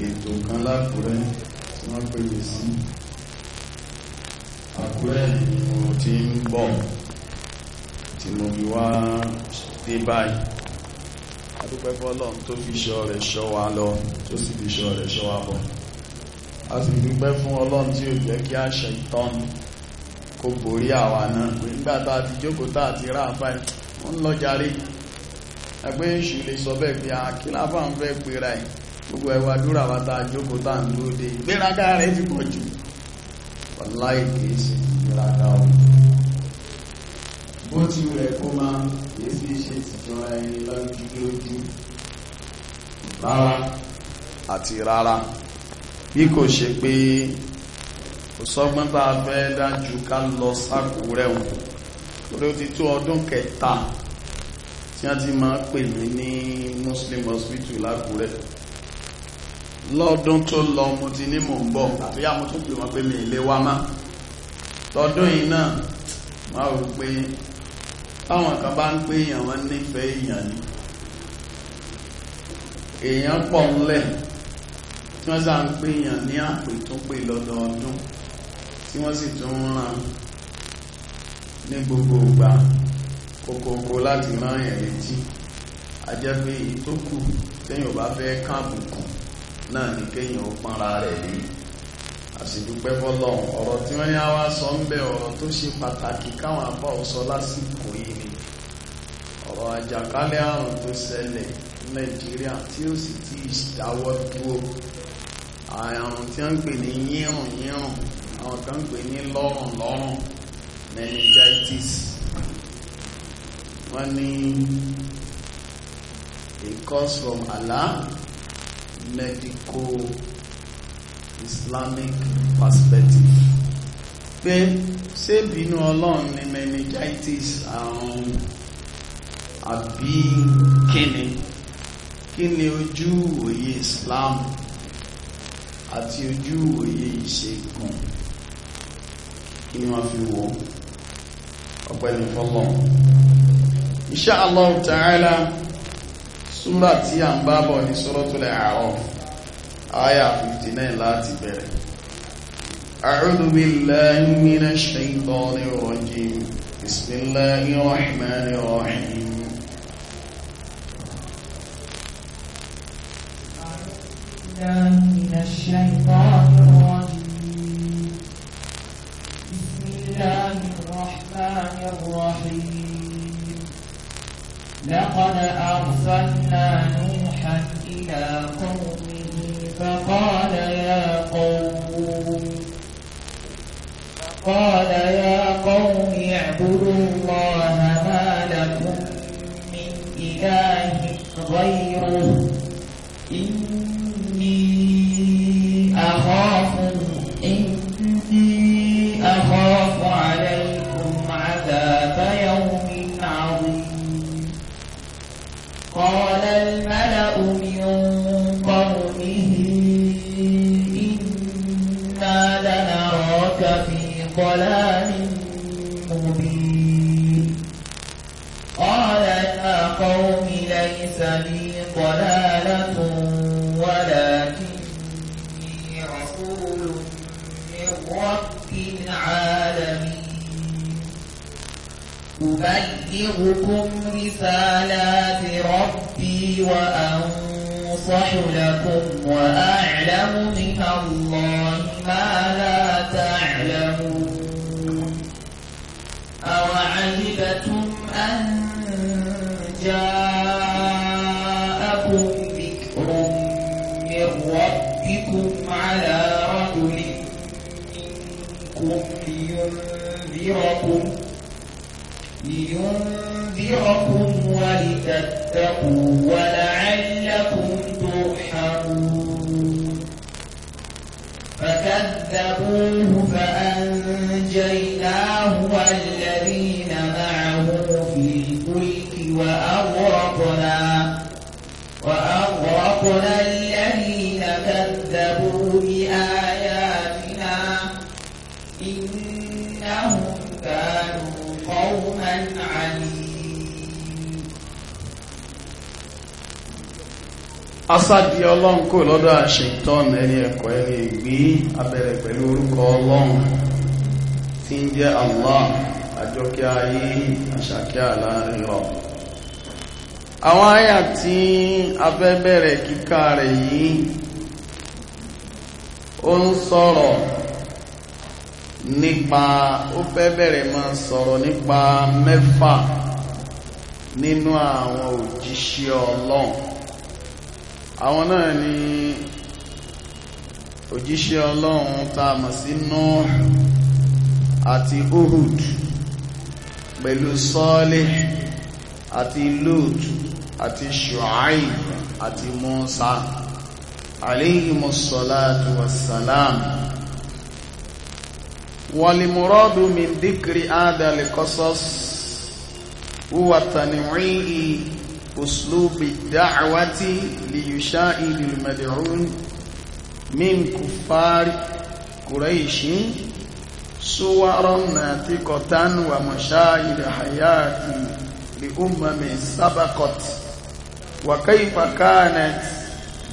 ètò kan lákùrẹ́ tí wọ́n pèlè sí àkùrẹ́ ni mo ti ń bọ̀ tí mo fi wá dé báyìí adúpẹ́ fọ́lọ́run tó fi ṣọ́ rẹ̀ ṣọ́ wa lọ tó sì fi ṣọ́ rẹ̀ ṣọ́ wa bọ̀ a sì dúpẹ́ fún ọlọ́run tí ó jẹ́ kí àṣẹ ìtọ́n kó borí àwa náà nígbà tá a ti jókòó tá a ti rá àfáì wọ́n ń lọ jàre ẹgbẹ́ èṣù lè sọ bẹ́ẹ̀ pé àkíláfà ń fẹ́ pera ẹ̀ gbogbo ẹwà dúrà wá tá a jókòó tá ń dúró dé ìgbéraga rẹ̀ ti pọ̀ jù ọláì kìí ìgbéraga o bó ti rẹ̀ kó máa yé sí ṣe tìjọra ẹni lójú lójú rárá àti rárá bí kò ṣe pé kò sọ́gbọ́n tá fẹ́ dájú ká lọ sákòórẹ́ wọn torí ti tó ọdún kẹta tí wọ́n ti máa pè mí ní Muslim hospital lákòórẹ́ lọ́dún tó lọ mo ti ní mò ń bọ̀ àbíyá mo tún pè wọ́n pé mi ilé wa má lọ́dún yìí náà máa rò pé táwọn kan bá ń pé èèyàn wọn nífẹ̀ẹ́ èèyàn ni èèyàn pọ̀ ńlẹ̀ tí wọ́n sá ń pé èèyàn ní àpè tó pè lọ́dọọdún tí wọ́n sì tún ń ràn ní gbogbo ìgbà kòkòkò láti rán èèyàn létí a jẹ́ pé èyí tó kù téèyàn bá fẹ́ kán àbùkù náà ní kéèyàn ó rẹ̀ lé àṣìdúpẹ́ fọ́lọ́run ọ̀rọ̀ tí wọ́n yá wá sọ ń bẹ ọ̀rọ̀ tó ṣe pàtàkì káwọn apá ò lásìkò yìí ni ọ̀rọ̀ àjàkálẹ̀ àrùn tó ṣẹlẹ̀ nàìjíríà tí ó sì ti dáwọ́ dúró àrùn tí wọ́n ń pè ní yírùn yírùn àwọn kan ń pè ní lọ́rùn lọ́rùn meningitis wọ́n ní a cause from Allah medical islamic perspective pé ṣé bínú ọlọ́run ni meningitis àrùn àbí kíni kí ni ojú òye islam àti ojú òye ìṣègùn kí ni wọ́n fi wò ọ̀pẹ̀lú fọ́lọ́run insha Allah ta'ala súrà tí a ń bá bọ̀ ní Suratul A'raf àyà 59 láti bẹ̀rẹ̀ A'udhu billahi minash shaytanir rajim من الشيطان الرجيم بسم الله الرحمن الرحيم لقد أرسلنا نوحا إلى قومه فقال يا قوم قال يا قوم اعبدوا الله ما لكم من إله غيره إني أخاف ضلال مبين قال يا قوم ليس لي ضلالة ولكني رسول من رب العالمين أبلغكم رسالات ربي وأنصح لكم وأعلم من الله ما لا تعلمون أوعجبتم أن جاءكم ذكر من ربكم على منكم لينذركم لينذركم ولتتقوا ولعلكم ترحمون فكذبوه فأنجيناه والذين معه في الفلك وأغرقنا وأغرقنا الذين كذبوا بآياتنا إنهم كانوا قوما عليم Asadi ọlọ́run kò lọ́dọ̀ àṣetọ́nù ẹni ẹ̀kọ́ ẹni ìgbín abẹ̀rẹ̀ pẹ̀lú orúkọ ọlọ́run. tí ń jẹ́ Allah àjọkẹ́ ayé àṣàkẹ́ àláàrin rọ̀ àwọn àyà tí a kíkà rẹ̀ yìí ó ń sọ̀rọ̀ nípa ó fẹ́ bẹ̀rẹ̀ sọ̀rọ̀ nípa mẹ́fà nínú àwọn òjíṣẹ́ ọlọ́run àwọn náà ni òjíṣẹ́ ọlọ́run tá a mọ̀ sí àti Uhud pẹ̀lú Salih àti Lut àti Shu'aib àti Musa alayhimus salatu wassalam والمراد من ذكر هذا القصص هو تنويع أسلوب الدعوة ليشاهد المدعون من كفار قريش صورا ناتقة ومشاهد حياة لأمم سبقت وكيف كانت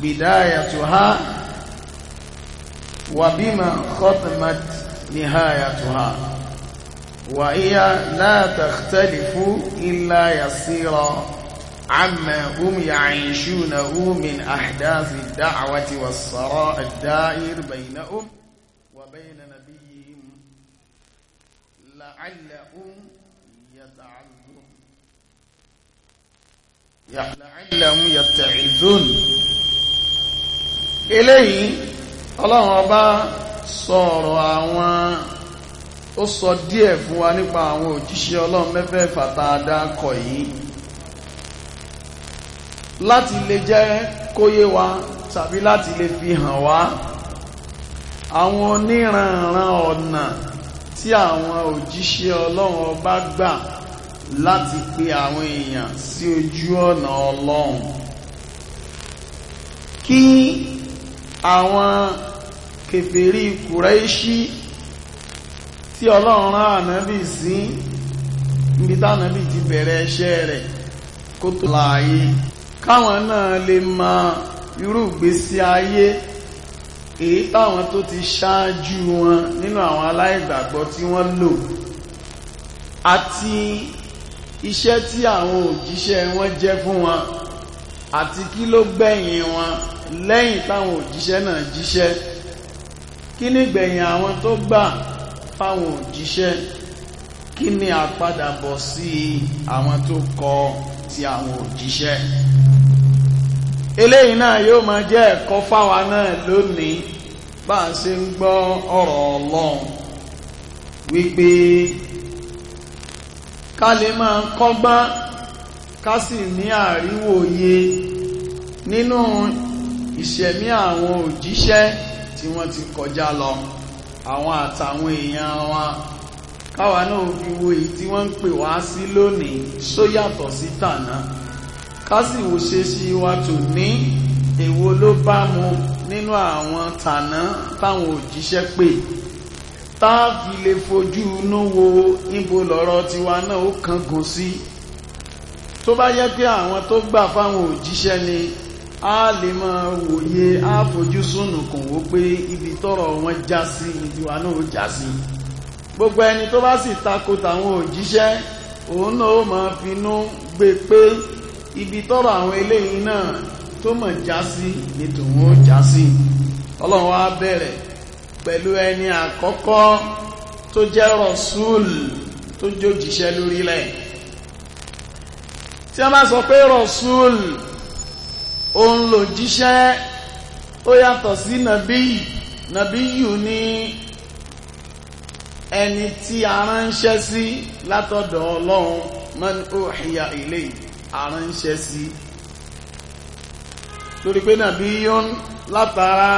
بدايتها وبما ختمت نهايتها وهي لا تختلف إلا يسيرا عما هم يعيشونه من أحداث الدعوة والصراع الدائر بينهم لعلهم يتعذون لعلهم يتعذون eléyìí ọlọ́run ọba sọ̀rọ̀ àwọn ó sọ díẹ̀ fún wa nípa àwọn òjíṣẹ́ ọlọ́run mẹ́fẹ́ fàtàdá kọ̀ yìí láti lè jẹ́ kóyé wa tàbí láti lè fi hàn wá àwọn oníranran ọ̀nà tí àwọn òjíṣẹ́ ọlọ́run ọba gbà láti pe àwọn èèyàn sí ojú ọ̀nà ọlọ́run kí àwọn kèfèrí kùrẹ́ṣí tí ọlọ́run rán ànábì sí níbi tánábì ti bẹ̀rẹ̀ iṣẹ́ rẹ̀ kó tó láàyè káwọn náà lè mọ irú ìgbésí ayé èyí táwọn tó ti ṣáájú wọn nínú àwọn aláìgbàgbọ́ tí wọ́n lò àti iṣẹ́ tí àwọn òjíṣẹ́ wọn jẹ́ fún wọn àti kí ló gbẹ̀yìn wọn lẹ́yìn táwọn òjíṣẹ́ náà jíṣẹ́ kí ni gbẹ̀yìn àwọn tó gbà fáwọn òjíṣẹ́ kí ni àpadàbọ̀ sí àwọn tó kọ̀ ti àwọn òjíṣẹ́ eléyìí náà yóò máa jẹ́ ẹ̀kọ́ fáwa náà lónìí bá a ṣe ń gbọ́ ọ̀rọ̀ ọlọ́run wípé ká lè máa kọ́gbọ́n ká sì ní àríwòye nínú ìṣẹ̀mí àwọn òjíṣẹ́ tí wọ́n ti kọjá lọ àwọn àtàwọn èèyàn wa káwa náà fi wo èyí tí wọ́n ń pè wá sí lónìí só sí tànà kásìwò ṣe sí wa tò ní èwo ló bá mu nínú àwọn tànà táwọn òjíṣẹ́ pè tá a fi lè fojú inú wo níbo lọ́rọ̀ tiwa náà ó kángun sí tó bá yẹ pé àwọn tó gbà fáwọn òjíṣẹ́ ni a lè máa wòye a fojú súnùkùn wó pé ibi tọrọ wọn já sí ìdíwa náà ó já sí gbogbo ẹni tó bá sì takò tàwọn òjíṣẹ́ òun náà ó máa finú gbé pé ibi tọ́rọ àwọn eléyìn náà tó mọ̀ já sí ni tòun ó já sí ọlọ́run wá bẹ̀rẹ̀ pẹ̀lú ẹni àkọ́kọ́ tó jẹ́ rọ̀súùl tó jójìṣẹ́ lórílẹ̀ tí a bá sọ pé rọ̀súùl òun ló jíṣẹ́ ó yàtọ̀ sí nàbí nàbíyù ní ẹni tí a ránṣẹ́ sí látọ̀dọ̀ ọlọ́run man uhiya ilayhi aránṣẹ́ sí lórí pé nàbí yọ́n látara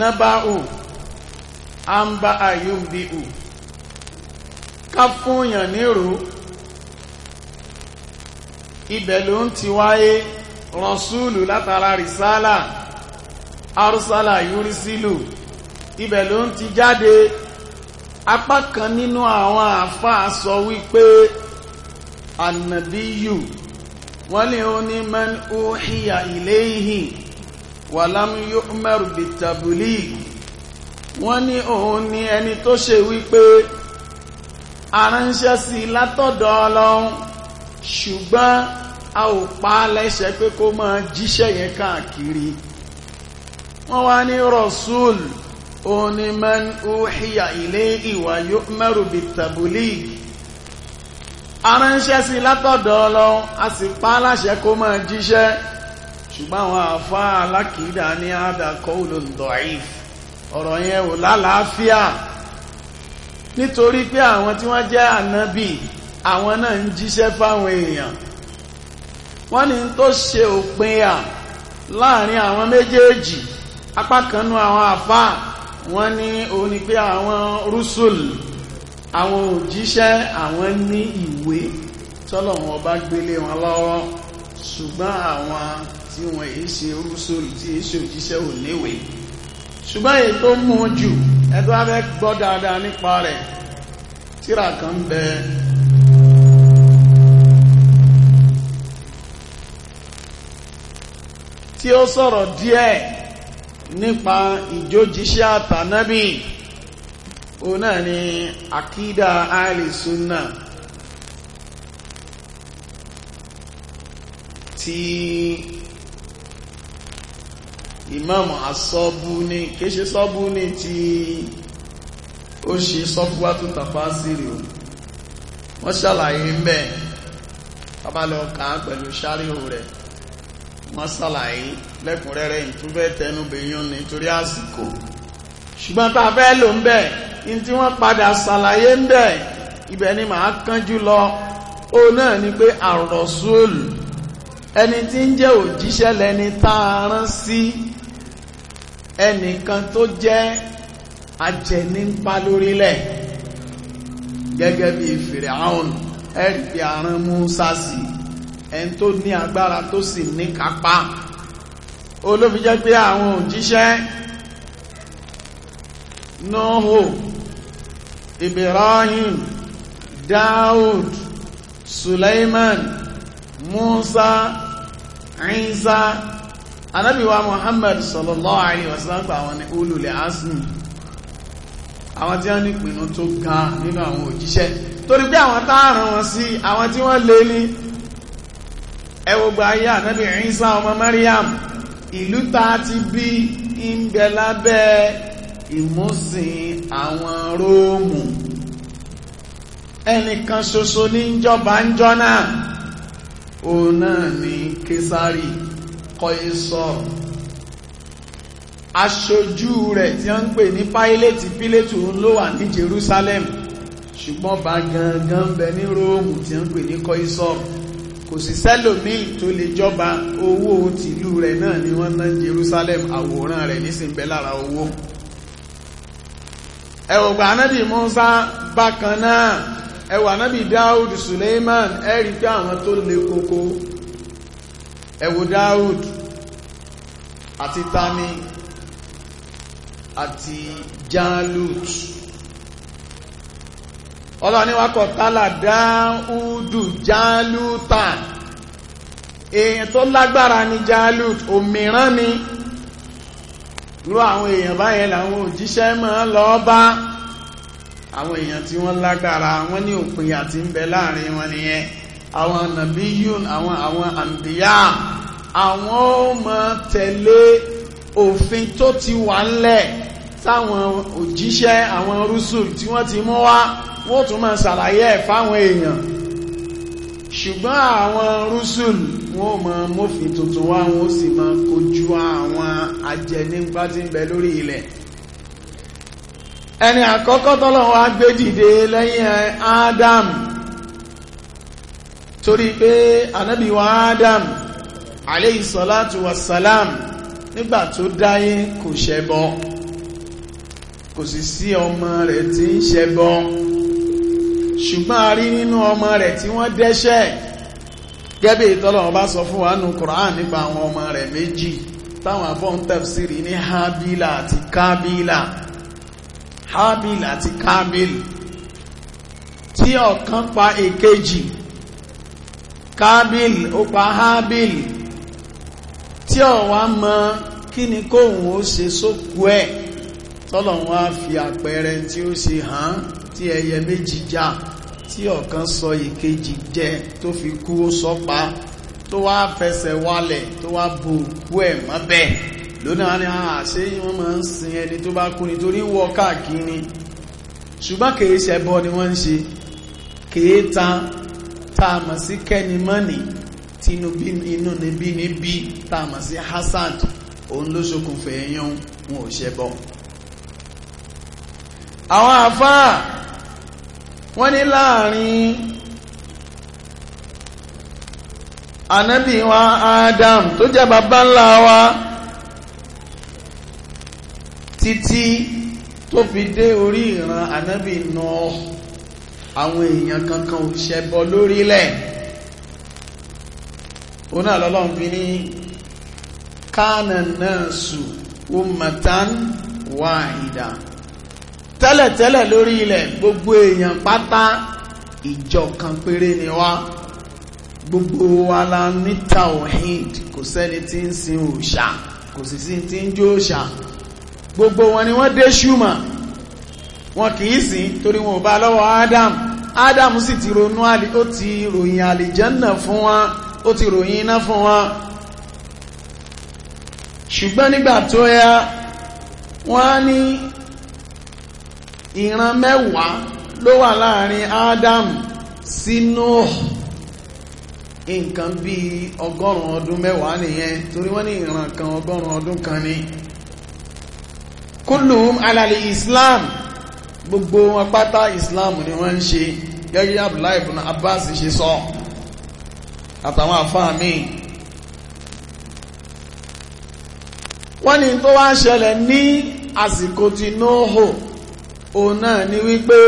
nábàáhù àmbá àyùnbíhù ká fúnyàn nírò ibẹ̀ ló ń ti wáyé rọ̀súùlù látara rìsálà arúsálà yúrísílù ibẹ̀ ló ń ti jáde apá kan nínú àwọn àáfàá sọ wípé ànàbíyù wọ́n lè ó ní man uhiya ilayhi walam yu'mar bitabligh wọ́n ní òun ni ẹni tó ṣe wípé aránṣẹ́ sí látọ̀dọ̀ ọlọ́run ṣùgbọ́n a ò pa á lẹ́ṣẹ̀ pé kó máa jíṣẹ́ yẹn káàkiri wọ́n wá ní rọ̀súùlù oni man uhiya ilayhi wa yu'maru bitabulig aránṣẹ́ sí látọ̀dọ̀ ọlọ́run a sì pa aláṣẹ kó máa jíṣẹ́ ṣùgbọ́n àwọn àfáà alákìídà ní àdà qawlun da'if ọ̀rọ̀ yẹn ò lálàáfíà nítorí pé àwọn tí wọ́n jẹ́ ànábì àwọn náà ń jíṣẹ́ fáwọn èèyàn wọ́n ní tó ṣe òpin à láàrin àwọn méjèèjì apá kan nú àwọn àfáà wọ́n ní òun ni pé àwọn rúsùl àwọn òjíṣẹ́ àwọn ní ìwé tọ́lọ̀wọ̀n ọba gbélé wọn lọ́wọ́ ṣùgbọ́n àwọn tí wọ́n èé ṣe rúsùl tí èé ṣe òjíṣẹ́ ò níwé ṣùgbọ́n èyí tó mú jù ẹ̀tọ́ abẹ́ gbọ́ dáadáa nípa rẹ̀ tírà kan ń bẹ tí ó sọ̀rọ̀ díẹ̀ nípa ìjójíṣẹ́ àtànábì òun náà ni àkídà àìlèsúnà tí imam asọ́búni kéṣe sọ́búni tí ó ṣe sọ́fúwá tó tàfà sírì o wọ́n ṣàlàyé ń bẹ̀ bàbá lọ kàá pẹ̀lú ṣáríhù rẹ̀ wọ́n ṣàlàyé lẹ́kùnrẹ́rẹ́ ìtúfẹ́ tẹnu bèèyàn nítorí àsìkò ṣùgbọ́n tá a fẹ́ lò ń bẹ̀ ní tí wọ́n padà ṣàlàyé ń bẹ̀ ibẹ̀ ni màá kánjú lọ ó náà ni pé àrọ̀súòlù ẹni tí ń jẹ́ òjíṣẹ́ lẹni tá a rán sí ẹnìkan tó jẹ́ ajẹnipa lórílẹ̀ gẹ́gẹ́ bí Fìràhùn ẹ̀rí pé a rán Mùsá sí ẹni tó ní agbára tó sì ní kápá olófin jẹ́ pé àwọn òjíṣẹ́ noho ibrahim daud suleiman musa isa anábíwá muhammad sallallahu alayhi wa sallam àwọn ni ulul azmi àwọn tí wọ́n ní ìpinnu tó ga nínú àwọn òjíṣẹ́ torí pé àwọn táàràn wọn sí àwọn tí wọ́n lé ní ẹwọgbà ayé ànábì Ìsá ọmọ Mariam ìlú ta ti bí ń bẹ lábẹ́ ìmúsìn àwọn Róòmù ẹnìkan ṣoṣo ní ìjọba ń jọ náà òun náà ní Késárì Kọ́ísọ̀ aṣojú rẹ̀ tí wọ́n ń pè ní Páílétì Pílétù ló wà ní Jerusalem ṣùgbọ́n bá gangan bẹ ní Róòmù tí wọ́n ń pè ní Kọ́ísọ̀ kò sí sẹ́lòmíì tó lè jọba owó tìlú rẹ̀ náà ni wọ́n ná Jerusalem àwòrán rẹ̀ nísìnbẹ̀ lára owó ẹ̀wọ̀gbà anábì Musa bákan náà ẹ̀wọ̀ anábì Dawud Suleiman ẹ̀rí pé àwọn tó lè kókó ẹ̀wọ̀ Dawud àti Tani àti Jalut ọlọ́ni wa kọ̀ tálà dáúdù jálúta èèyàn tó lágbára ni jálút òmíràn ni ló àwọn èèyàn báyẹn làwọn òjíṣẹ́ máa lọ bá àwọn èèyàn tí wọ́n lágbára wọ́n ní òpin àti ń bẹ láàrin wọn nìyẹn àwọn nàbíyún àwọn àwọn àǹbíyá àwọn ó máa tẹ̀lé òfin tó ti wà ńlẹ̀ táwọn òjíṣẹ́ àwọn rúsùl tí wọ́n ti mú wá wọ́n tún máa ṣàlàyé ẹ̀ fáwọn èèyàn ṣùgbọ́n àwọn rúsùl wọ́n máa mófin tuntun wá wọ́n sì máa kojú àwọn ajẹnigbá tí ń bẹ lórí ilẹ̀ ẹni àkọ́kọ́ tọ́lọ́wọ́ gbé dìde lẹ́yìn Adam torí pé ànábì wa Adam aleyhisalatu wasalam nígbà tó dáyé kò ṣẹbọ kò sì sí ọmọ rẹ̀ tí ń ṣẹbọn ṣùgbọ́n a rí nínú ọmọ rẹ̀ tí wọ́n dẹ́ṣẹ̀ gẹ́bí ìtọ́lọ̀wọ́ bá sọ fún wa nù Kùrán nípa àwọn ọmọ rẹ̀ méjì táwọn afọ́n tẹ̀fsìrì ní Hábílà àti Kábílà Hábílà àti Kábílì tí ọ̀kan pa èkejì Kábílì ó pa Hábílì tí ọ̀wá mọ kí ni kóhùn ó ṣe sókú ẹ̀ tọ́lọ̀ wọ́n á fi àpẹẹrẹ tí ó ṣe hàn tí ẹyẹ méjì já tí ọ̀kan sọ ìkejì jẹ tó fi kú ó sọ́pa tó wá fẹsẹ̀ wálẹ̀ tó wá bu òkú ẹ̀ mọ́bẹ̀ lónìí wọn ni a ṣe wọ́n máa ń sin ẹni tó bá kú nítorí wọ káàkiri ṣùgbọ́n kìí ṣe ẹbọ ni wọ́n ń ṣe kìí ta tá a mọ̀ sí kẹ́ni mọ́nì tínúbí inú níbí níbí tá a mọ̀ sí hasad òun ló ṣokùnfẹ̀ ẹ̀yàn wọn ò ṣẹbọ àwọn àfáà wọ́n ni láàrin ànábì Adam tó jẹ́ bàbá ńlá wa títí tó fi dé orí ìran ànábì Nuh àwọn èèyàn kankan ò ṣẹbọ lórílẹ̀ òun náà lọ́lọ́run fi ní kánà náà sù ummatan wahida tẹ́lẹ̀tẹ́lẹ̀ lórí ilẹ̀ gbogbo èèyàn pátá ìjọ kan péré ni wá gbogbo wa la ní tawhid kò sẹ́ni tí ń sin òòṣà kò sì sí tí ń jó òòṣà gbogbo wọn ni wọ́n dé ṣúmà wọn kì í sìn torí wọn ò bá lọ́wọ́ Adam Adam sì ti ronú àlè ó ti ròyìn àlìjẹ́nà fún wa ó ti ròyìn iná fún wa ṣùgbọ́n nígbà tó yá wọ́n á ní ìran mẹ́wàá ló wà láàrin Adam sínú Nuh nǹkan bíi ọgọ́rùn-ún ọdún mẹ́wàá nìyẹn torí wọ́n ní ìran kan ọgọ́rùn-ún ọdún kan ni kulluhum alali Islam gbogbo wọn pátá Islam ni wọ́n ń ṣe gẹ́gẹ́ Abdullahi ibn Abbas ṣe sọ àtàwọn àfáà míì wọ́n ní tó wá ṣẹlẹ̀ ní àsìkò tí Nuh òun náà ni wípé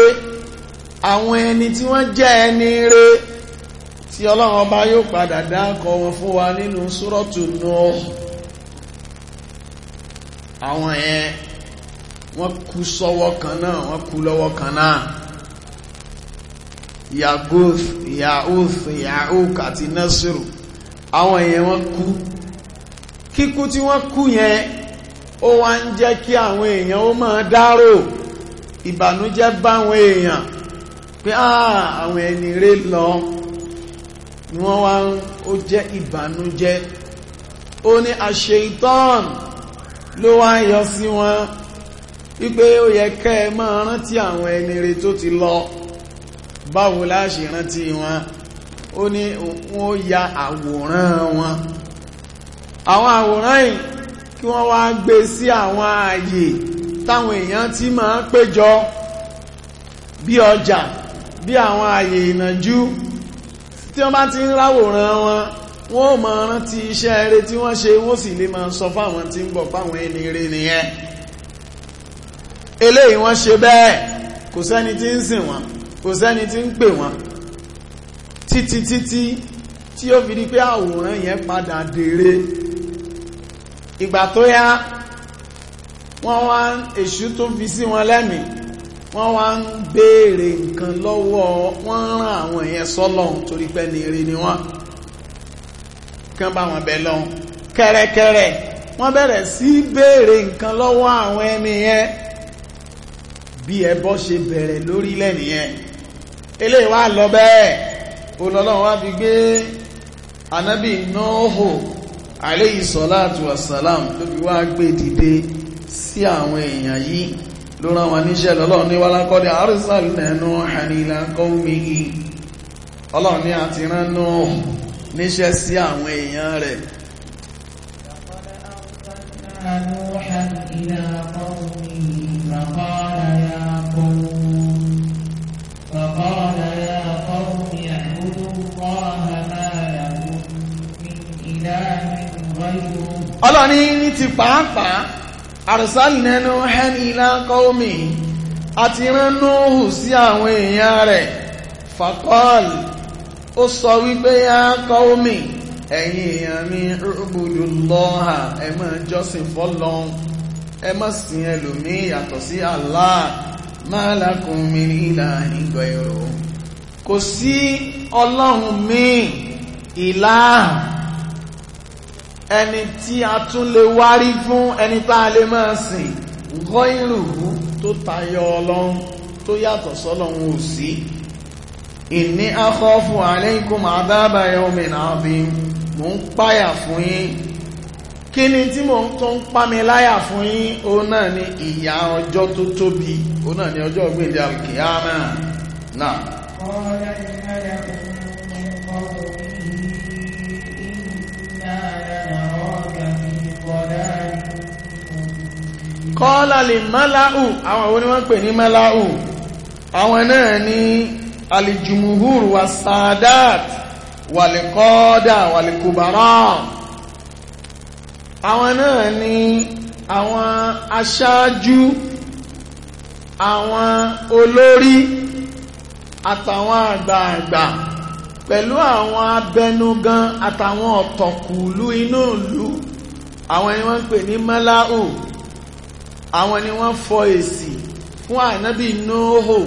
àwọn ẹni tí wọ́n jẹ́ ẹni rẹ tí ọlọ́run ọba yóò padà dákọ̀ wọn fún wa nínú to Nuh àwọn yẹn wọ́n kú sọ́wọ́ kan náà wọ́n kú lọ́wọ́ kan náà yagoth yaoth yaok àti nasiru àwọn yẹn wọ́n kú kíkú tí wọ́n kú yẹn ó wá ń jẹ́ kí àwọn èèyàn ó máa dárò ìbànújẹ́ báwọn èèyàn pé ah, àwọn ẹni rẹ̀ lọ ni wọ́n wá ń ó jẹ́ ìbànújẹ́ ó ní àṣeitán ló wá ń yọ sí wọn wípé ó yẹ kẹ́ ẹ máa rántí àwọn ẹni rẹ̀ tó ti lọ báwo la ṣe rántí wọn ó ní wọ́n ya àwòrán wọn àwọn àwòrán yìí kí wọ́n wá gbé sí àwọn ààyè táwọn èèyàn ti máa ń péjọ bí ọjà bí àwọn ààyè ìnàjú tí wọ́n bá ti ń ráwòrán wọn wọ́n ò máa rántí iṣẹ́ eré tí wọ́n ṣe wọ́n sì lè máa sọ fáwọn tí ń bọ̀ fáwọn ẹni eré nìyẹn eléyìí wọ́n ṣe bẹ́ẹ̀ kò sẹ́ni tí ń sìn wọ́n kò sẹ́ni tí ń pè wọ́n títí títí tí ó fi di pé àwòrán yẹn padà dèrè ìgbà tó yá wọ́n wá èṣù tó fi sí wọn lẹ́mìí wọ́n wá ń béèrè nǹkan lọ́wọ́ wọ́n rán àwọn èèyàn sọ́lọ́hun torí pé ní eré ni wọ́n kán bá wọn bẹ lọ́hun kẹ́rẹ́kẹ́rẹ́ wọ́n bẹ̀rẹ̀ sí béèrè nǹkan lọ́wọ́ àwọn ẹni yẹn bí ẹbọ ṣe bẹ̀rẹ̀ lórílẹ̀ nìyẹn eléyìí wá lọ bẹ́ẹ̀ olọ́lọ́run wá fi gbé anábì nóòhò alayhi salatu wassalam ló fi wá gbé dìde sí àwọn èèyàn yìí ló rán wọn níṣẹ́ lọ́lọ́run ní wálákọ́dẹ̀ arsalnanu hanila qawmihi ọlọ́run ní àti rán Nuhu níṣẹ́ sí àwọn èèyàn rẹ̀ ọlọ́run ní ti pàápàá arsalna Nuhan ila qaumi àti rán Nuhu sí àwọn èèyàn rẹ̀ faqal ó sọ wípé ya qaumi ẹ̀yin èèyàn mi ubudullaha ẹ máa jọ́sìn fọ́lọ́n ẹ má sìn yàtọ̀ sí Allah ma lakum min ilahin ghayruh kò sí ọlọ́run míì ìlà ẹni tí a tún lè wárí fún ẹni tá a lè máa sìn gọ́ìrùhù tó tayọ ọlọ́run tó yàtọ̀ sọ́lọ́run ò sí ìní akọ́fù alaykum adaba yawmin adhim mò ń páyà fún yín kí ni tí mò ń tó pa mi láyà fún yín òun náà ni ìyà ọjọ́ tó tóbi òun náà ni ọjọ́ ògbéǹde alkiyama náà. kọ́lá lè mọ́láhù àwọn àwọn oníwọ́n pè ní mọ́láhù àwọn náà ní alìjùmùhùr wà sàádàt wà lè kọ́ọ́dà wà lè kùbàrá àwọn náà ní àwọn aṣáájú àwọn olórí àtàwọn àgbààgbà pẹ̀lú àwọn abẹnugan àtàwọn ọ̀tọ̀kùlú inú ìlú àwọn ni wọ́n ń pè ní mẹ́láhù àwọn ni wọ́n fọ èsì fún ànábì nóhò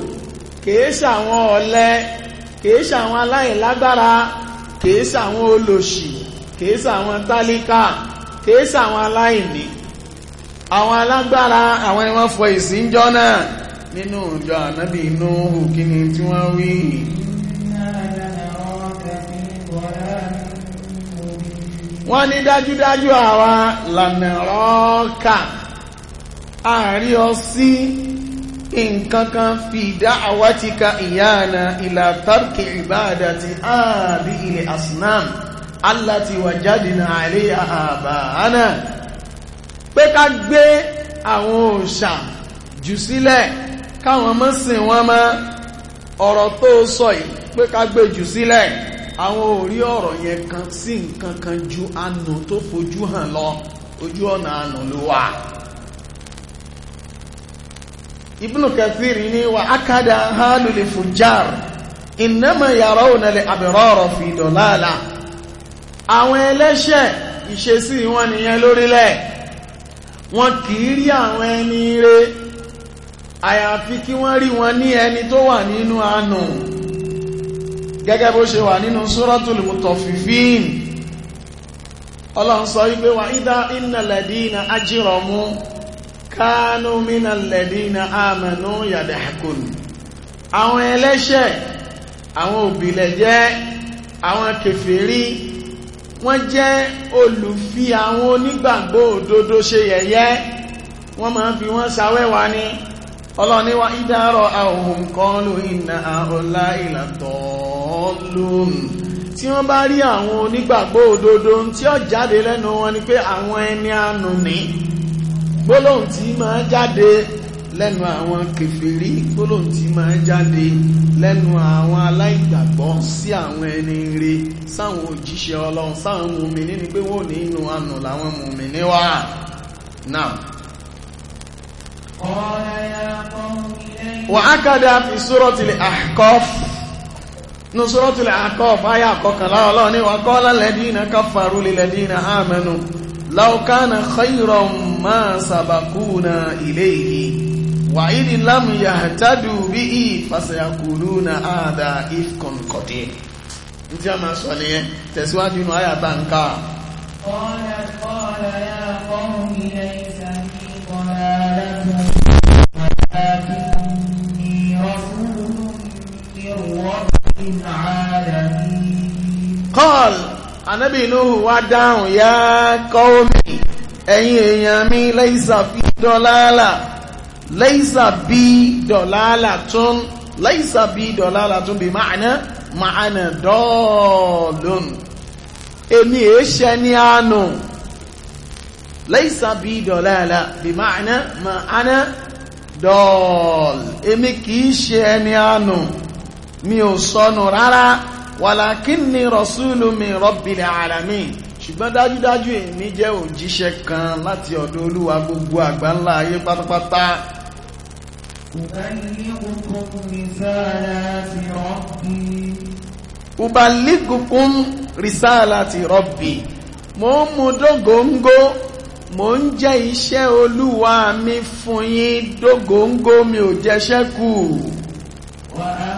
kìí ṣàwọn ọ̀lẹ kìí ṣàwọn aláìlágbára kìí ṣàwọn olòṣì kìí ṣàwọn tálíkà kìí ṣàwọn aláìní àwọn alágbára àwọn ni wọ́n fọ èsì ń jọ náà nínú ìjọ ànábì nóhò kí ni tí wọ́n wí. wọ́n ní dájúdájú àwa lànà rọ́ọ̀kà àárí ọ sí nǹkan kan fi dá àwátíka ìyáàna ìlà tàbí ìbáàdà ti ààbí ilẹ̀ asnam aláti wà jáde náà àrí àbáhánà pé ká gbé àwọn òòṣà jù sílẹ̀ káwọn mọ́sìn wọn mọ́ ọ̀rọ̀ tó sọ yìí pé ká gbé jù sílẹ̀ àwọn orí ọ̀rọ̀ yẹn kan sí nǹkan kan ju tó fojú hàn lọ ojú ọ̀nà àánú ló wà ibnu kathiri ni wa akada halul fujar innama yarawna li abirara fi dalala àwọn ẹlẹ́ṣẹ̀ ìṣesí wọn nìyẹn lórílẹ̀ wọn kì í rí àwọn ẹni rẹ̀ àyàfi kí wọ́n wọn ní ẹni tó wà nínú gẹ́gẹ́ bó ṣe wà nínú suratul mutaffifin ọlọ́run sọ wípé wà ìdá ìnàlẹ̀dínà ajírọ̀mú kánú mínàlẹ̀dínà àmànú yadahakun àwọn ẹlẹ́ṣẹ̀ àwọn òbílẹ̀ jẹ́ àwọn kèfèrí wọ́n jẹ́ olùfi àwọn onígbàgbọ́ òdodo ṣe yẹ̀yẹ́ wọ́n máa ń fi wọ́n ṣàwẹ́wà ni ọlọ́run wa wá ìdárọ̀ àwọn kọlu iná àhọ́lá ìlàtọ̀ọ́lùm tí wọ́n bá rí àwọn onígbàgbọ́ òdodo tí ó jáde lẹ́nu wọn ni pé àwọn ẹni ànú ní gbólóhùn tí máa jáde lẹ́nu àwọn kèfèrí gbólóhùn tí máa jáde lẹ́nu àwọn aláìgbàgbọ́ sí àwọn ẹni ire sáwọn òjíṣẹ́ ọlọ́run sáwọn mùmí ní ni pé wọ́n ní inú ànú làwọn mùmí níwá náà wàákàdá fi sórọ́tìlẹ̀ àkọ́f ní sórọ́tìlẹ̀ àkọ́f ayá àkọ́kànlá ọlọ́ni wà kọ́lá lẹ́dínà káfàrú lẹ́dínà àmẹ́nu láukánà khayran ma sàbàkúnà ilé yìí wà ìdí lámù yàtàdù bí i fàṣàkùlúnà àdá ifkon kọ̀dé ní tí a máa sọ nìyẹn tẹ̀síwájú inú ayà tá ń ká قال قال يا قوم ليس لي ضلالة Kọ́l, anábì Nuhu wá dáhùn yá kọ́ọ̀mì, ẹ̀yin èèyàn mi lẹ́ìsà fi dọ̀láàlà, lẹ́ìsà bí dọ̀láàlà tún, lẹ́ìsà bí dọ̀láàlà tún bí máàná, máàná dọ́ọ̀lùn. Èmi èéṣẹ́ ní àánú, lẹ́ìsà bí dọ̀láàlà bí máàná, máàná dọ́ọ̀lù èmi kìí ṣe ẹni àánú mi ò sọnù rárá wàlákínní rọ̀súlù mi rọ́bìlì àlàmí ṣùgbọ́n dájúdájú èmi jẹ́ òjíṣẹ́ kan láti ọ̀dọ̀ olúwa gbogbo àgbáńlá ayé pátápátá ubaligukum risalati rọ́bì mo ń mú dógóńgó mò ń jẹ́ iṣẹ́ olúwa mi fún yín dógóńgó mi ò jẹ́ṣẹ́ kù. wà á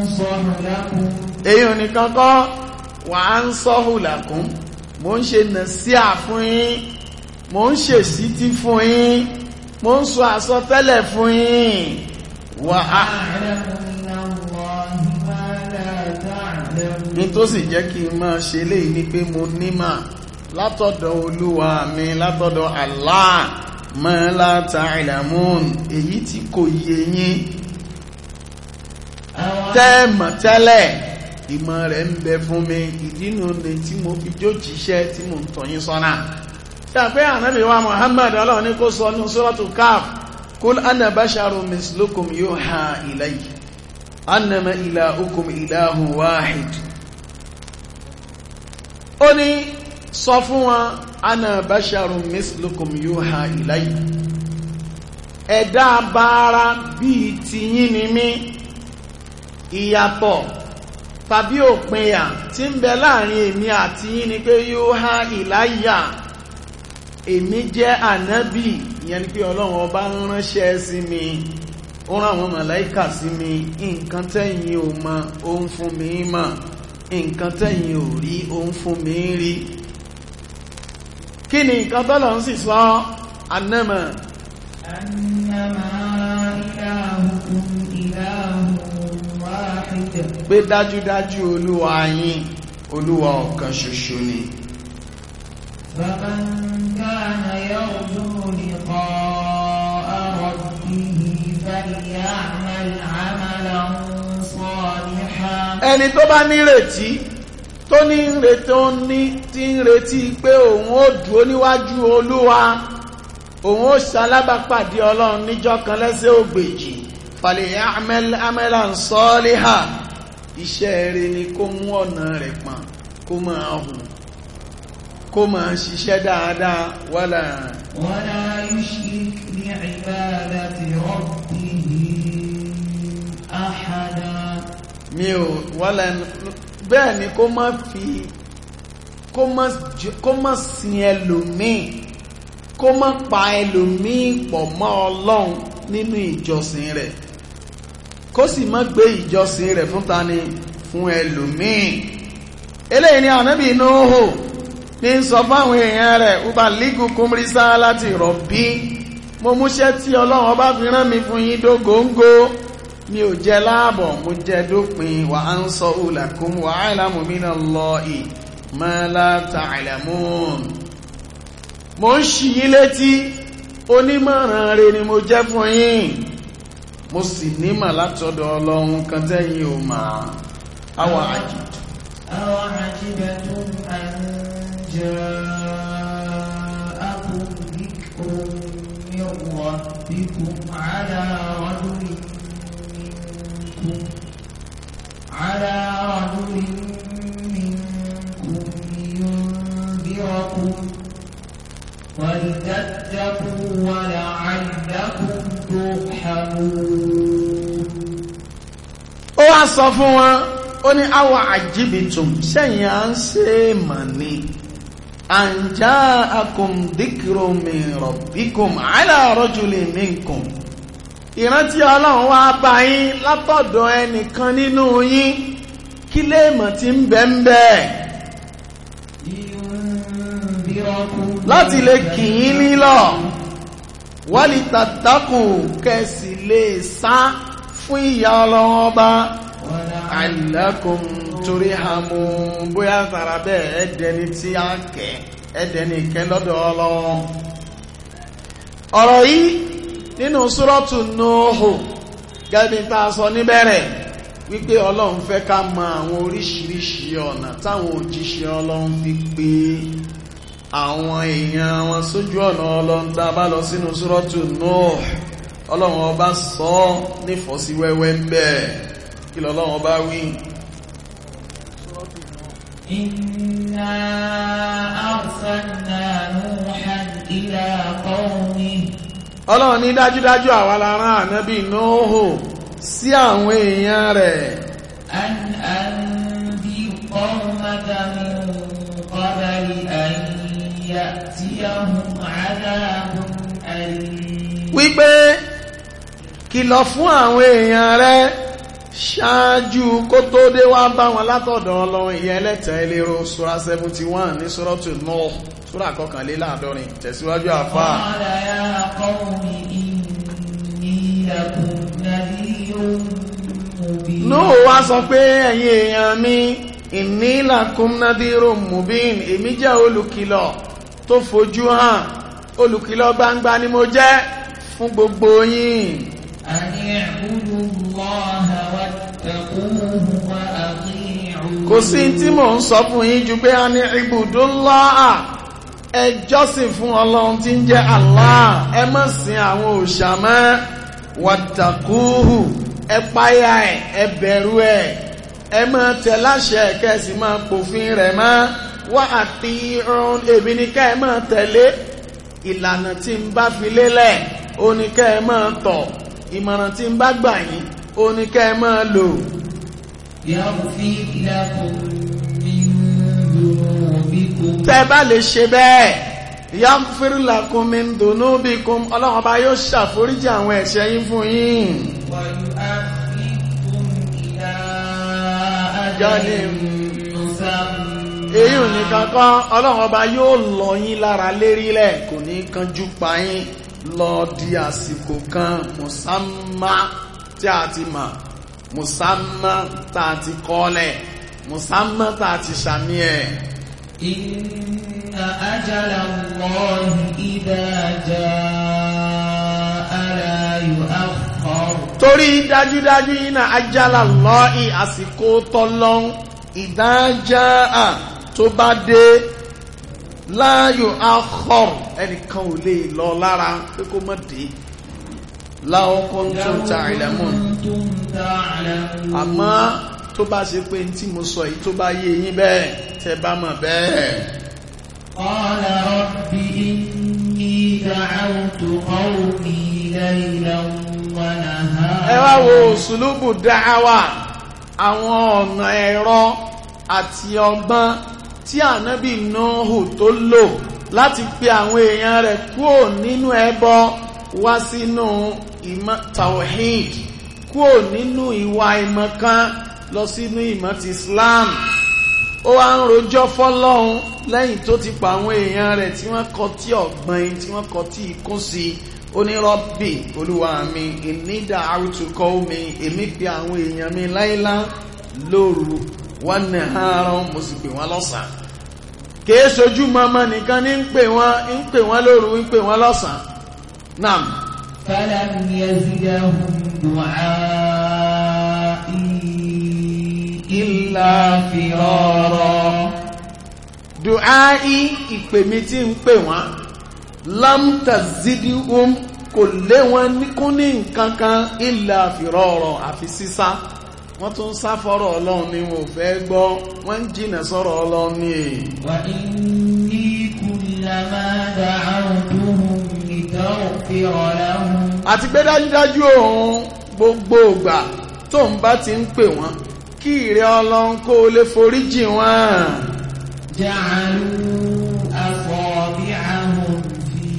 ń sọ hùlàkùn. èyí ò ní kankan wà á ń sọ hùlàkùn mò ń ṣe nàṣíà fún yín mò ń ṣèṣítí fún yín mò ń sọ àsọtẹ́lẹ̀ fún yín. wà á ní tó sì jẹ́ kí n máa ṣe léyìí ni pé mo ní mà látọ̀dọ̀ olúwa mi látọ̀dọ̀ Allah mọ́ látàìlàmún èyí tí kò yé yín tẹ́ẹ̀mọ̀ tẹ́lẹ̀ ìmọ̀ rẹ̀ ń bẹ fún mi ìdínú ni tí mo fi jójíṣẹ́ tí mo ń tọ̀yín sọ́nà tàbí ànábì wa Muhammad ọlọ́run ní kó sọ ní suratul Kaf kul ana basharu mislukum yuha ilayya annama ilahukum ilahu wahid ó ní sọ fún wọn ana basharun mislukum yuha ilay ẹ̀dá bára bíi tiyín ni mí ìyàtọ̀ tàbí òpinya tí ń bẹ láàrin èmi àti yín ni pé yuha ilayya èmi jẹ́ ànábì ìyẹn ni pé ọlọ́run ọba ń ránṣẹ́ sí mi ó rán àwọn màláìkà sí mi nǹkan tẹ́yìn ò mọ̀ ó ń fún mi mọ̀ nǹkan tẹ́yìn ò rí ó ń fún mi rí kí ni nǹkan tọ́lọ̀ ń sì sọ annama annama ilahukum ilahun wahid pé dájúdájú olúwa yín olúwa ọ̀kan ṣoṣo ni faman kana yarju liqa'a rabbih falya'mal ẹni tó bá nírètí tó ní ń retí ó ní tí ń retí pé òun ó dúró níwájú olúwa òun ó ṣalábàpàdé ọlọ́run níjọ́ kan lẹ́sẹ̀ ògbèjì fàlẹ̀yà amẹ́lá ń sọ́ọ́líhà iṣẹ́ rẹ̀ ni kó mú ọ̀nà rẹ̀ pọ̀n kó máa hùn kó máa ṣiṣẹ́ dáadáa wọ́lá wọ́lá yushrik ní ibadati rabbihi ahada mi ò wọ́lá bẹ́ẹ̀ ni kó má fi kó má sin ẹlòmíì kó má pa ẹlòmíì pọ̀ mọ́ ọlọ́run nínú ìjọsìn rẹ̀ kó sì má gbé ìjọsìn rẹ̀ fún ni fún ẹlòmíì eléyìí ni ànábì Nuhu ní sọ fáwọn èèyàn rẹ̀ uba lígù kúmrísá láti rọ̀ bí mo múṣẹ́ tí ọlọ́run ọba fi rán mi fún yín dógóńgó mi ò jẹ láàbọ̀ mo jẹ dópin wà á ń sọ òlàkún wà á ìlàmù mínà lọ ì máa látà àìlàmùn mo ń ṣì yí létí onímọ̀ràn rẹ ni mo jẹ́ fún yín mo sì nímọ̀ látọ̀dọ̀ ọlọ́run kan tẹ́yìn ò mà áwà àjìdù. áwà àjìdù tó ń jẹ́ àpò ìkòmí ọ̀wọ́ bíkùn àdá ọdún. على رجل منكم لينذركم ولتتقوا ولعلكم ترحمون ó wá sọ fún wọn ó ní àwọn àjíbìtùm sẹ́yìn à ń ṣe mà ní àǹjá akùndíkìrò mìíràn bíkùm àìlà rọ́jùlì mìíràn ìrántí ọlọ́run wá bá yín látọ̀dọ̀ ẹnìkan nínú yín kí léèmọ̀ tí ń bẹ ń bẹ láti lè kì í nílọ̀ wálì tàtàkù kẹsì lè sá fún ìyá ọlọ́run ọba àìlẹ́kùn torí hàmù bóyá tàrà bẹ́ẹ̀ ẹ̀dẹni tí a kẹ́ ẹ̀dẹni kẹ́ lọ́dọ̀ ọlọ́run ọ̀rọ̀ yìí nínú súrọ́tù nóòhù gẹ́bí tá a sọ níbẹ̀rẹ̀ wípé ọlọ́run fẹ́ ká mọ àwọn oríṣiríṣi ọ̀nà táwọn òjíṣẹ́ ọlọ́run fi pé àwọn èèyàn wọn sójú ọ̀nà ọlọ́run tá a bá lọ sínú súrọ́tù nóòhù ọlọ́run ọba sọ ọ́ nífọ̀sí wẹ́wẹ́ bẹ́ẹ̀ kí lọ́lọ́run ọba wí. Inna arsalna Nuhan ila qawmihi ọlọ́run ní dájúdájú àwa la rán ànábì nóòhò sí àwọn èèyàn rẹ̀ wípé kìlọ̀ fún àwọn èèyàn rẹ̀ ṣáájú kó tó dé wá bá wọn látọ̀dọ̀ ọlọ́run ìyẹn ẹlẹ́tẹ̀ẹ́ lérò sura 71 ní suratu Nuh súrà kọkànléláàdọ́rin tẹ̀síwájú àfá Nóò wá sọ pé ẹ̀yin èèyàn mi ìnílàkún nádírò mùbín èmi jẹ́ olùkìlọ̀ tó fojú hàn olùkìlọ̀ gbangba ni mo jẹ́ fún gbogbo yín. kò sí tí mò ń sọ fún yín ju pé a ní ibùdó ńlá ẹ jọ́sìn fún ọlọ́run tí ń jẹ́ Allah ẹ má sìn àwọn òòṣà mọ́ wàtàkùhù ẹ páyà ẹ ẹ bẹ̀rù ẹ ẹ má tẹ láṣẹ kẹsì má pòfin rẹ̀ mọ́ wá àti irun èmi ni ká ẹ má tẹ̀lé ìlànà tí ń bá fi lélẹ̀ ó ní ká ẹ má tọ̀ ìmọ̀ràn tí ń bá gbà yín ó ní ká ẹ má lò. ìyá òfin ìlà kò ní í lò tẹ́ bá lè ṣe bẹ́ẹ̀ yamfir lakum min dunubikum ọlọ́run ọba yóò ṣàforíjì àwọn ẹ̀ṣẹ̀ yín fún yín. jọ́ni èyí ò ní kankan ọlọ́run ọba yóò lọ yín lára lérílẹ̀ kò ní kanjú pa yín lọ di àsìkò kan mùsàmá tí a ti mọ̀ mùsàmá tá a ti kọ́lẹ̀ mùsàmá tá a ti ṣàmì ẹ̀. إن أجل الله إذا جاء لا يؤخر torí dájúdájú iná ajálà lọ́ọ̀ì àsìkò tọ́lọ́n ìdájá à tó bá dé láàyò àkọ́ ẹnìkan ò lè lọ lára pé kó mọ̀ dé láwọn kọ́ńtò tààlẹ́mù àmọ́ tó bá ṣe pé tí mo sọ yìí tó bá yé yín bẹ́ẹ̀ tẹ́ bá mọ̀ bẹ́ẹ̀. qala rabbi inni da'awtu qawmi laylan wa nahara. ẹ wá wo òṣùlùbù dáhàwà àwọn ọ̀nà ẹ̀rọ àti ọgbọ́n tí ànábì Nuhu tó lò láti pe àwọn èèyàn rẹ̀ kúrò nínú ẹbọ wá sínú ìmọ̀ tawhid kúrò nínú ìwà ìmọ̀ kan lọ sínú ìmọ̀ ti Islam ó wá ń rojọ́ fọ́lọ́hun lẹ́yìn tó ti pa àwọn èèyàn rẹ̀ tí wọ́n kọ tí ọ̀gbìn tí wọ́n kọ tí ikún sí onírọ́bì olúwa mi ìnídà àrùtùkọ́ omi èmi pe àwọn èèyàn mi láìlá lóru wọ́n nà ààrùn mo sì pè wọ́n lọ́sàn kìí ṣojú mọ́mọ́ nìkan ní ń pè wọ́n ń pè wọ́n lóru ń pè wọ́n lọ́sàn náà. fàlàmì ẹ̀sìn dáhùn dùn áá. Illa fìrọ̀rọ̀. dùáì ìpè mi tí ń pè wọ́n lamtazidihum kò lé wọn níkún ní nǹkan kan ìlà fìrọ̀rọ̀ àfi sísá wọ́n tún sá fọ́rọ̀ ọlọ́run ni wọn ò fẹ́ gbọ́ wọ́n ń jìnà sọ́rọ̀ ọlọ́run ni èyí. wà ní kùlàmá dàáhùn àti pé dájúdájú òun gbogbo ìgbà tó ń bá ti ń pè wọ́n kí ìrẹ́ ọlọ́run kó o lè forí jì wọ́n. jàǹdù àfọ̀bí àwọn fi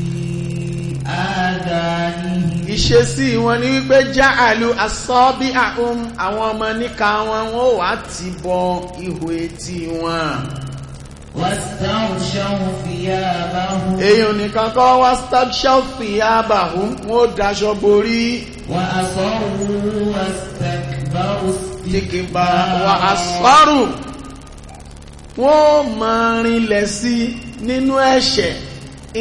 àdáni. ìṣesí wọn ni wípé jàǹdù àsọ́bí àwọn àwọn ọmọ níka wọn wọn ò wá ti bọ ihò etí wọn. Èyàn nìkan kọ́ wá stabshell fìyàbà hún, wọ́n daṣọ borí. Wà á sọ wú wá stakbá òsì yíkìbá wà àsọ́rù wọ́n máa rinlẹ̀ sí nínú ẹ̀ṣẹ̀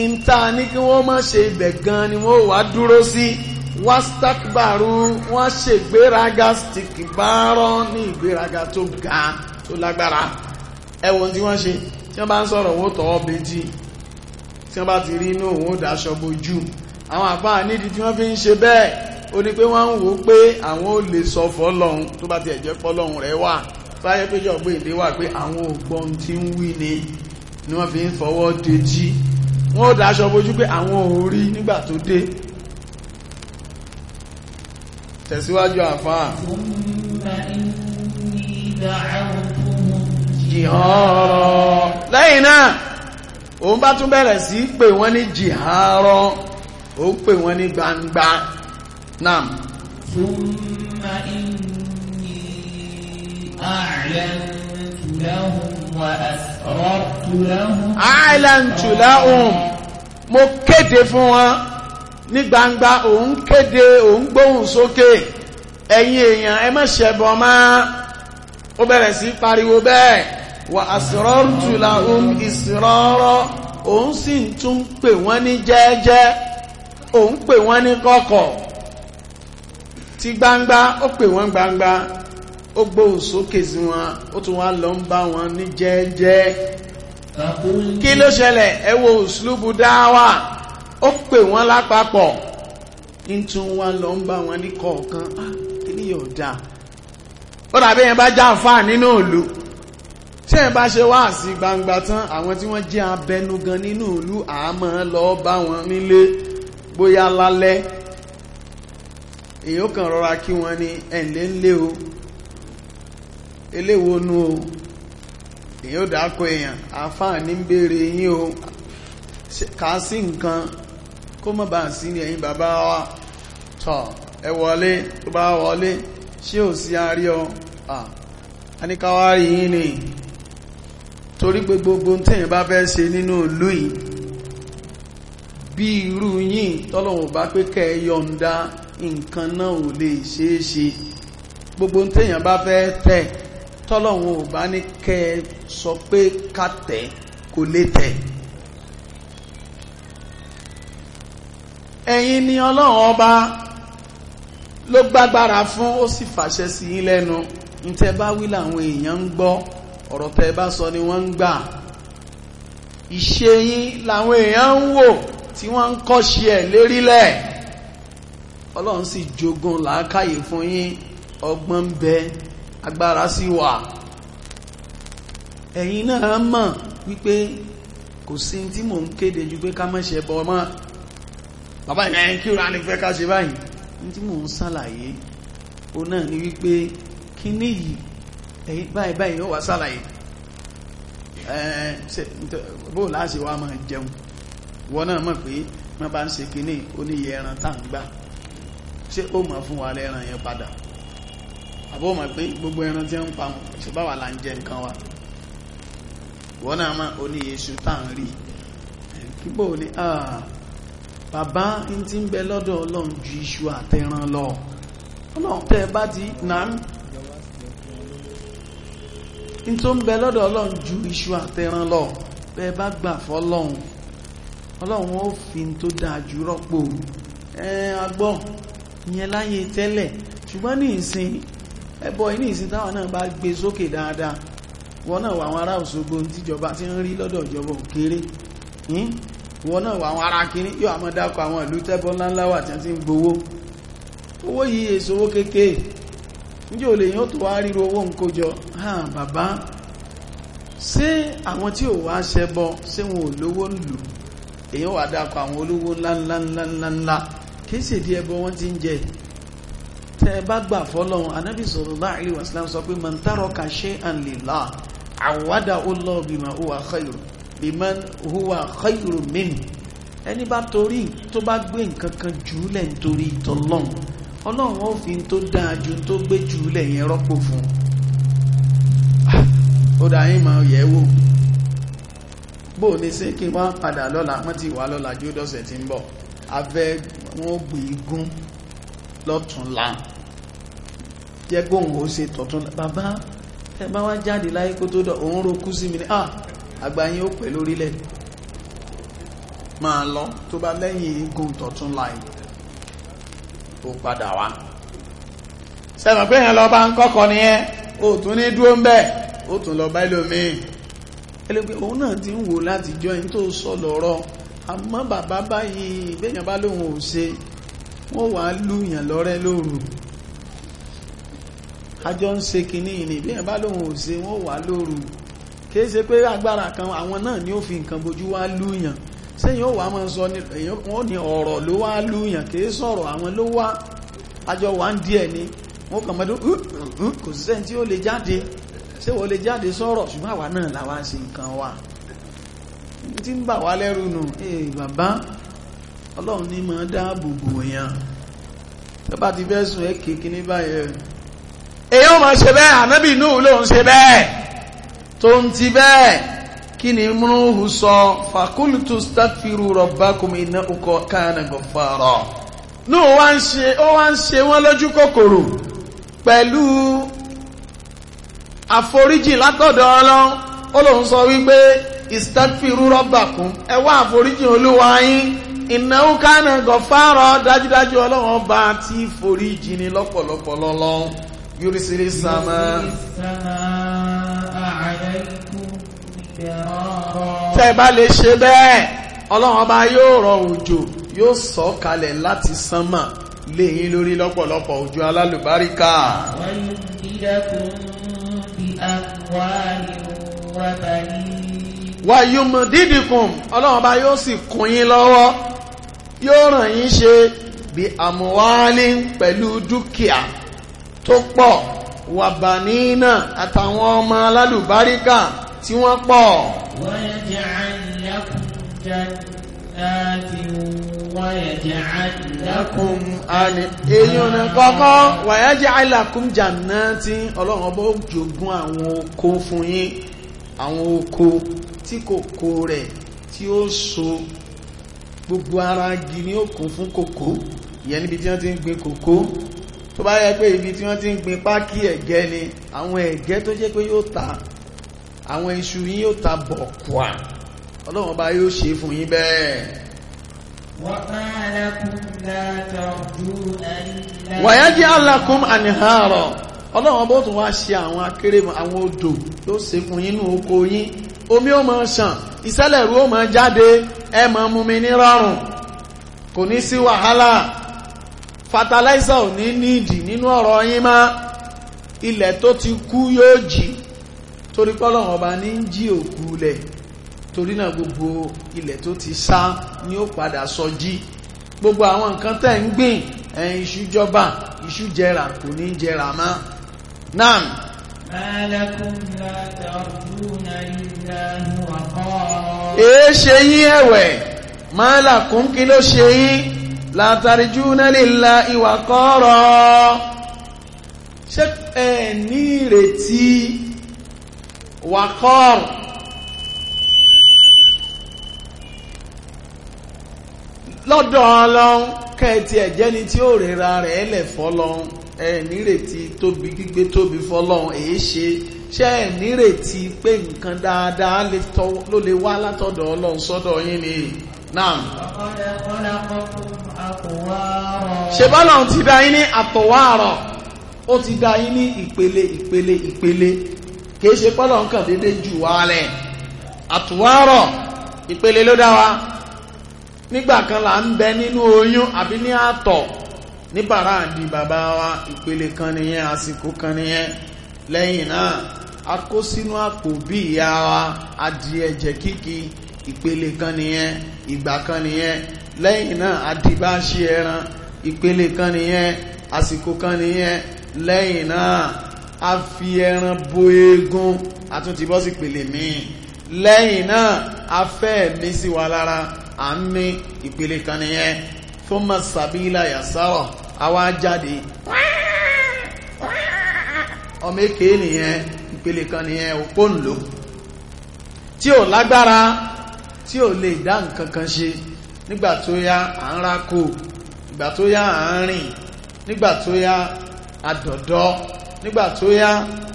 ìta ní kí wọ́n má ṣe ibẹ̀ gan ni wọ́n wá dúró sí wástákbàrú wọ́n ṣègbéraga stìkìbárọ́ ní ìgbéraga tó ga tó lágbára ẹ̀wọ̀n tí wọ́n ṣe tí wọ́n bá ń sọ̀rọ̀ wọ́n tọ́ bèjì tí wọ́n bá ti rí inú òun ó dáṣọ bojú àwọn àpá nídìí tí wọ́n fi ń ṣe bẹ́ẹ̀ ó ní pé wọ́n ń wò pé àwọn ò lè sọ fọ́lọ́hun tó bá ti ẹ̀jẹ́ fọ́lọ́hun rẹ̀ wà sáyẹ́ pé jọ pé ìdí wà pé àwọn ògbọ́n tí ń wí ni ni wọ́n fi ń fọwọ́ dejí wọ́n ó dáṣọ bójú pé àwọn ò rí nígbà tó dé tẹ̀síwájú àfáà jìhọ́rọ̀ lẹ́yìn náà òun bá tún bẹ̀rẹ̀ sí pè wọ́n ní jìhárọ̀ ó pè wọ́n ní gbangba نعم ثم إني أعلنت لهم وأسررت لهم أعلنت لهم mo kéde fún wọn ní gbangba òun kéde òun gbóhùn sókè ẹ̀yin èèyàn ẹ má ṣẹbọ mọ́ ó bẹ̀rẹ̀ sí pariwo bẹ́ẹ̀ wà asrartu lahum israra òun sì tún pè wọ́n ní jẹ́ẹ́jẹ́ òun pè wọ́n ní kọ̀kọ̀ ti gbangba ó pè wọ́n gbangba ó gbóhùn sókè sí wọn ó tún wá lọ ń bá wọn ní jẹ́ẹ́jẹ́ kí ló ṣẹlẹ̀ ẹ wo òṣùlùbù dáwà ó pè wọ́n lápapọ̀ ń tún wá lọ ń bá wọn ní kọ̀ọ̀kan ah, kí ni yóò dáa ó dàbí yẹn bá já fáà nínú òlu tí ẹ̀ bá ṣe wá sí gbangba tán àwọn tí wọ́n jẹ́ abẹnugan nínú ìlú àmọ́ lọ bá wọn nílé bóyá lálẹ́ èyí ó kàn rọra kí wọ́n ní o eléwo nu o èyí ó dákọ èèyàn àfáà ní ń yín o kà á sí nǹkan kó mọ̀ sí ní ẹ̀yìn bàbá wa tọ̀ ẹ wọlé tó bá wọlé ṣé ò sí arí ọ àníkàwá gbogbo tẹ̀yìn bá fẹ́ ṣe nínú ìlú yìí bí irú bá pé kẹ́ nǹkan náà ò lè ṣeé ṣe gbogbo téèyàn bá fẹ́ tẹ̀ tọ́lọ́hun ò bá ní kẹ́ ẹ sọ pé ká tẹ̀ kò lè tẹ̀. ẹ̀yin ni ọlọ́run ọba ló gbágbára fún ó sì fàṣẹ sí yín lẹ́nu ntẹ bá wí làwọn èèyàn ń gbọ́ ọ̀rọ̀ tẹ bá sọ ni wọ́n ń gbà ìṣe yín làwọn èèyàn ń wò tí wọ́n ń kọ́ṣe ẹ̀ lérílẹ̀ ọlọ́run sì jogun làákàyè fún yín ọgbọ́n ń bẹ agbára sì wà ẹ̀yin náà mọ̀ wípé kò sí tí mò ń kéde ju pé ká má ṣe mọ́ bàbá ìrìn kí ra ní fẹ́ ká ṣe báyìí ní tí mò ń ṣàlàyé o náà ni wípé kí ní yìí ẹ̀yìn báyìí báyìí ó wà ṣàlàyé bó láṣẹ wa máa jẹun wọ́n náà mọ̀ pé wọ́n bá ń ṣe kínní oníyẹ tá à ń gbà ṣé ó ma fún wa lẹ́ran yẹn padà àbó mọ̀ pé gbogbo ẹran tí ń pa wọn ṣe bá wà là ń jẹ nǹkan wa wọn náà máa ó ní yéṣu tá à ń rí kíbò ní bàbá ń ti ń bẹ lọ́dọ̀ ọlọ́run ju iṣu àtẹran lọ ọlọ́run tẹ́ ẹ bá ti nàá ń tó ń bẹ lọ́dọ̀ ọlọ́run ju iṣu àtẹran lọ bẹ́ẹ̀ bá gbà fọ́lọ́run ọlọ́run ó fi tó dáa jù rọ́pò ẹ agbọ́n ìyẹn láyé tẹ́lẹ̀ ṣùgbọ́n ní ìsìn ẹbọ ní ìsìn táwọn náà bá gbé sókè dáadáa wọ́n náà wà àwọn ará Òṣogbo tíjọba ti ń rí lọ́dọ̀ ìjọba òkèrè wọ́n náà wà àwọn ará kiri yóò àmọ́ dákọ̀ àwọn ìlú tẹ́bọ́ ńláńlá wà tí wọ́n ti ń gbowó owó yìí èso owó kéékèé níjẹ́ olè yóò tó wá ríro owó nǹkó jọ hàn bàbá ṣé àwọn tí ò wá ṣẹbọ ṣé wọn ò lówó lù èyàn wà dákọ̀ àwọn olówó ńláńláńláńláńlá kìí sì di ẹbọ wọn ti ń jẹ tẹ bá gbà fọ́lọ́run anábì sallallahu alaihi wasallam sọ pé la taraka shay'an lillah awadahu Allahu bima huwa khayru bima huwa khayru minhu ẹni bá torí tó bá gbé nǹkan kan jùúlẹ̀ nítorí ìtọ́lọ́run ọlọ́run ó fi tó dáa ju tó gbé jùúlẹ̀ yẹn rọ́pò fún ah, ó dá yín máa yẹ̀ wò bó o ní sí kí wọ́n padà lọ́la wọ́n ti wà lọ́la jó dọ́sẹ̀ tí ń bọ̀ abẹ́ wọ́n gbé igun lọ́túnla jẹ́ gbóhùn ó ṣe tọ̀tún bàbá ẹ bá wá jáde láyé kó tó dọ̀ òun rokú sí mi ní à ah, àgbáyé ó pẹ̀ lórílẹ̀ máa lọ tó bá lẹ́yìn igun tọ̀túnla yìí ó padà wá sẹ́mọ̀ pé yẹn lọ bá ń kọ́kọ́ nìyẹn ó tún ní dúró ń bẹ̀ ó tún lọ bá ẹlòmíì ẹlẹ́gbẹ́ òun náà ti ń wò láti jọ ẹni tó sọ lọ́rọ̀ àmọ́ bàbá báyìí béèyàn bá lóhun ò ṣe wọ́n wà á lùyàn lọ́rẹ́ lóru àjọ ń ṣe kínní ìní béèyàn bá lóhun ò ṣe wọ́n wà á lóru kìí ṣe pé agbára kan àwọn náà ni ó fi nǹkan bojú wá lùyàn sẹ́yìn ó wà á máa sọ wọ́n ní ọ̀rọ̀ ló wá lùyàn kìí sọ̀rọ̀ àwọn ló wá àjọ wà ń díẹ̀ ni wọ́n kàn mọ́dún kò sí sẹ́ni tí ó lè jáde ṣé wọ́n lè jáde sọ̀rọ̀ ṣùgbọ́n àwa náà làwa ṣe nǹkan wa tí ń bà wá lẹ́rù nù ee bàbá ọlọ́run ní máa dáàbò bò èèyàn tó bá ti fẹ́ sùn ẹ́ kéèké ní báyẹn èyí ò máa ṣe bẹ́ẹ̀ ànábì inú ló ń ṣe bẹ́ẹ̀ tó ń ti bẹ́ẹ̀ kí ni múrùhù sọ fàkúlùtù stagfiru rabbakum innahu kana ghaffara ní ó wá ń ṣe wọ́n lójú kòkòrò pẹ̀lú àforíjì látọ̀dọ̀ ọlọ́run ó lóun sọ wípé istaghfiru rabbakum ẹ wá àforíjì olúwa yín innahu kana ghaffara dájúdájú ọlọ́run ọba tí foríjì ni lọ́pọ̀lọpọ̀ lọ́lọ́ yorùsírí sàmà. tẹ́ bá lè ṣe bẹ́ẹ̀ ọlọ́run ọba yóò rọ òjò yóò sọ kalẹ̀ láti sánmà léyìn lórí lọ́pọ̀lọpọ̀ òjò alálùbáríkà. wọ́n ń dídẹ́kun bí àwọn àìrùn wọ́n wàyùmù dídìkùn ọlọ́run bá yóò sì kún yín lọ́wọ́ yóò ràn yín ṣe bí àmúwálí pẹ̀lú dúkìá tó pọ̀ wàbàníínà àtàwọn ọmọ alálùbáríkà tí wọ́n pọ̀. ويجعل لكم جنات ويجعل لكم èèyàn ọlọ́run ọba jogún àwọn oko fún yín àwọn oko tí kòkó rẹ̀ tí ó so gbogbo ara igi ní ó kún fún kòkó ìyẹn níbi tí wọ́n ti ń gbin kòkó tó bá yẹ pé ibi tí wọ́n ti ń gbin pákí ẹ̀gẹ́ ni àwọn ẹ̀gẹ́ tó jẹ́ pé yóò ta àwọn iṣu yín yóò ta bọ̀ ọlọ́run bá yóò ṣe fún yín bẹ́ẹ̀. wàyá alákùn àníhàárọ̀ ọlọ́run bó tún wá ṣe àwọn akérèmọ àwọn odò ló ṣe fún yín nínú oko yín omi ó máa ṣàn ìṣẹ̀lẹ̀rú ó máa jáde ẹ máa mu mi ní rọrùn kò ní sí wàhálà fatalaisa ò ní nídìí nínú ọ̀rọ̀ yín má ilẹ̀ tó ti kú yóò jì torí pọ́lọ́wọ́n ọba ní ń jí òkú lẹ̀ torí náà gbogbo ilẹ̀ tó ti sá ni ó padà sọjí gbogbo àwọn nǹkan tẹ̀ ń gbìn ẹ̀yìn iṣu jọba iṣu jẹrà kò ní jẹrà mọ́ náà. ما لكم لا ترجون لله وقارا ايه شيء هوي ما لكم كيلو شيء لا ترجون لله وقارا ṣé ẹ ní ìrètí wakar lọ́dọ̀ ọlọ́run kẹ́ẹ̀tì ẹ̀jẹ́ ni tí ó rèra rẹ̀ lẹ̀ fọ́lọ́run ẹ tóbi gbígbé tóbi fọlọ́run èyí ṣe ṣé ẹ pé nǹkan dáadáa ló lè wá látọ̀dọ̀ ọlọ́run sọ́dọ̀ yín ni náà. ṣe bọ́lọ́run ti dá yín ní àtọ̀wárọ̀ ti dá yín ní ìpele ìpele ìpele kìí ṣe kàn déédé jù wá lẹ̀ àtọ̀wárọ̀ wa nígbà kan là ń bẹ oyún àbí ní ní bàrá di bàbá wa ìpele kan nìyẹn àsìkò kan nìyẹn lẹ́yìn náà a kó sínú àpò bí ìyá wa adìẹ ẹ̀jẹ̀ kíkì ìpele kan nìyẹn ìgbà kan nìyẹn lẹ́yìn náà adìbá ṣe ẹran ìpele kan nìyẹn àsìkò kan nìyẹn lẹ́yìn náà a fi ẹran bo eegun a sí ìpele míì lẹ́yìn náà a fẹ́ ẹ̀mí sí wa lára à ń mí ìpele kan nìyẹn fún masabila yasara àwa jáde ọmọ èké nìyẹn ìpele kan nìyẹn òpónlò tí ò lágbára tí ò lè dá nǹkan kan ṣe nígbà tó yá à ń rákò nígbà tó yá à ń rìn nígbà tó yá àdọ̀dọ́ nígbà tó yá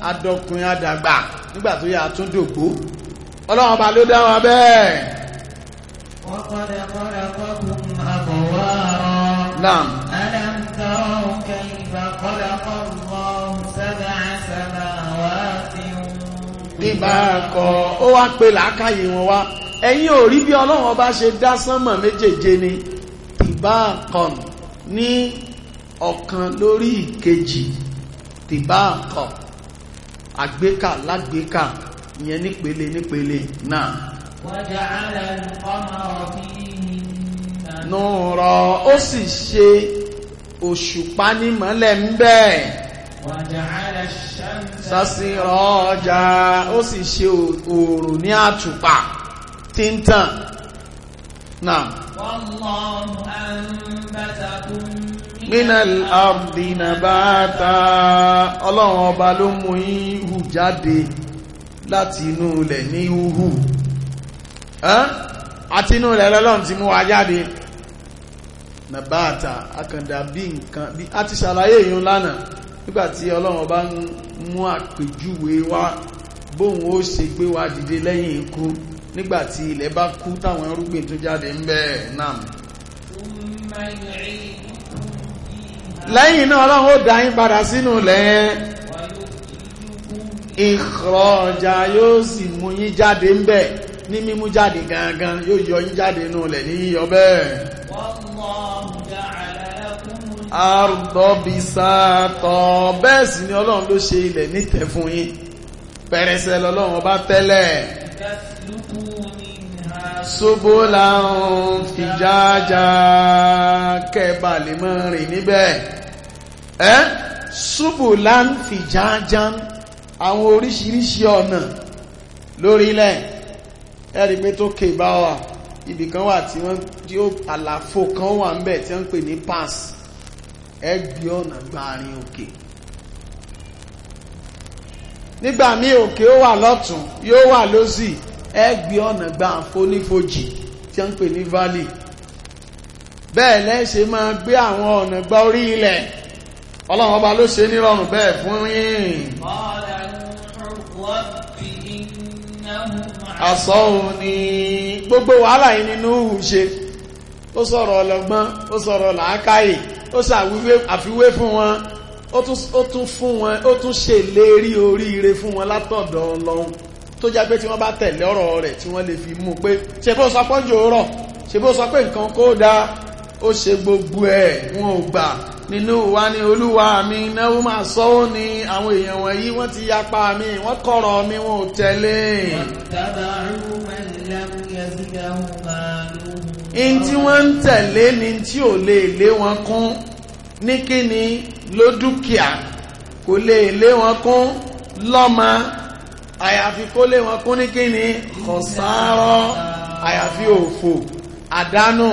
adọkùnrin àdàgbà nígbà tó yá àtúndògbò ọlọ́run ọba ló dá wa bẹ́ẹ̀. wọ́n kọ́ lẹ́kọ́ lẹ́kọ́ kún àbọ̀wá rọ. naam. أتروا كيف خلق الله سبع سماوات طباقا ó wá pe làákàyè wọn wá ẹ̀yin ò rí bí Ọlọ́run ọba ṣe dá sánmọ̀ méjèèje ni tìbáàkàn ní ọ̀kan lórí ìkejì tìbáàkàn àgbékà lágbékà ìyẹn nípele nípele náà. wọ́n jẹ́ àlẹ́ ọmọ ọ̀fìn náà rọ ó sì ṣe òṣùpá ní mọ́lẹ̀ ń bẹ́ẹ̀ sásìrọ̀ ọjà ó sì ṣe òòrùn ní àtùpà tí ń tàn náà minal ardi nabata ọlọ́run ọba ló mú yín hù jáde láti inú ilẹ̀ ní hù àti inú ilẹ̀ lọ́lọ́run ti mú wa jáde nàbáàtà akàndà bí nǹkan bí a ti ṣàlàyé èèyàn lánàá nígbàtí ọlọ́run bá ń mú àpèjúwe wá bóun ó ṣe gbé wa dìde lẹ́yìn ikú nígbàtí ilẹ̀ bá kú táwọn irúgbìn tó jáde ń bẹ náà lẹ́yìn náà ọlọ́run ó dá yín padà sínú lẹ́yìn ìkọ̀ọ̀jà yóò sì mú yín jáde ń bẹ ní mímú jáde gangan yóò yọ yín jáde nù lẹ̀ ní yíyọ bẹ́ẹ̀ àrùdọ́bìsàtọ̀ bẹ́ẹ̀ sì ni ọlọ́run ló ṣe ilẹ̀ nítẹ̀ fún yín pẹ̀rẹsẹ̀ lọ́lọ́run ọba tẹ́lẹ̀ ṣubú láhùn fìjájá kẹba lè mọ́ rìn níbẹ̀ ẹ́ ṣubú láhùn àwọn oríṣiríṣi ọ̀nà lórílẹ̀ ẹ̀rí pé tó kè bá wà Ibi kan wà tí wọ́n tí ó àlàfo kan wà ń bẹ̀ tí wọ́n ń pè ní pass ẹgbẹ́ ọ̀nà gbàrin òkè nígbà míì òkè ó wà lọ́tún yóò wà lósì ẹgbẹ́ ọ̀nà gbà fonífojì tí wọ́n pè ní valley bẹ́ẹ̀ lẹ́ṣe máa gbé àwọn ọ̀nà gbà orí ilẹ̀ ọlọ́run ọba ló ṣe nírọ̀rùn bẹ́ẹ̀ fún yín. àsọ òun ni gbogbo wàhálà yìí nínú òun ṣe ó sọ̀rọ̀ ọlọ́gbọ́n ó sọ̀rọ̀ làákàyè ó ṣàwíwé àfiwé fún wọn ó tún fún wọn ó tún ṣèlérí oríire fún wọn látọ̀dọ̀ ọlọ́run tó jẹ́ pé tí wọ́n bá tẹ̀lé ọ̀rọ̀ rẹ̀ tí wọ́n lè fi mú pé ṣe bó sọ pọ́njò rọ̀ ṣe bó sọ pé nǹkan kó dáa ó ṣe gbogbo ẹ̀ wọn ò gbà nínú wa ni olúwa mi náwó máa sọ́wọ́ ni àwọn èèyàn wọ̀nyí wọ́n ti yapa mi wọ́n kọ̀rọ̀ mi wọn ò tẹ̀lé. in tí wọ́n ń tẹ̀lé ni tí ò lè lé wọn kún ní kíni ló dúkìá kò lè lé wọn kún lọ́mọ àyàfi kó lé wọn kún ní kíni kọ̀sárọ̀ àyàfi òfò àdánù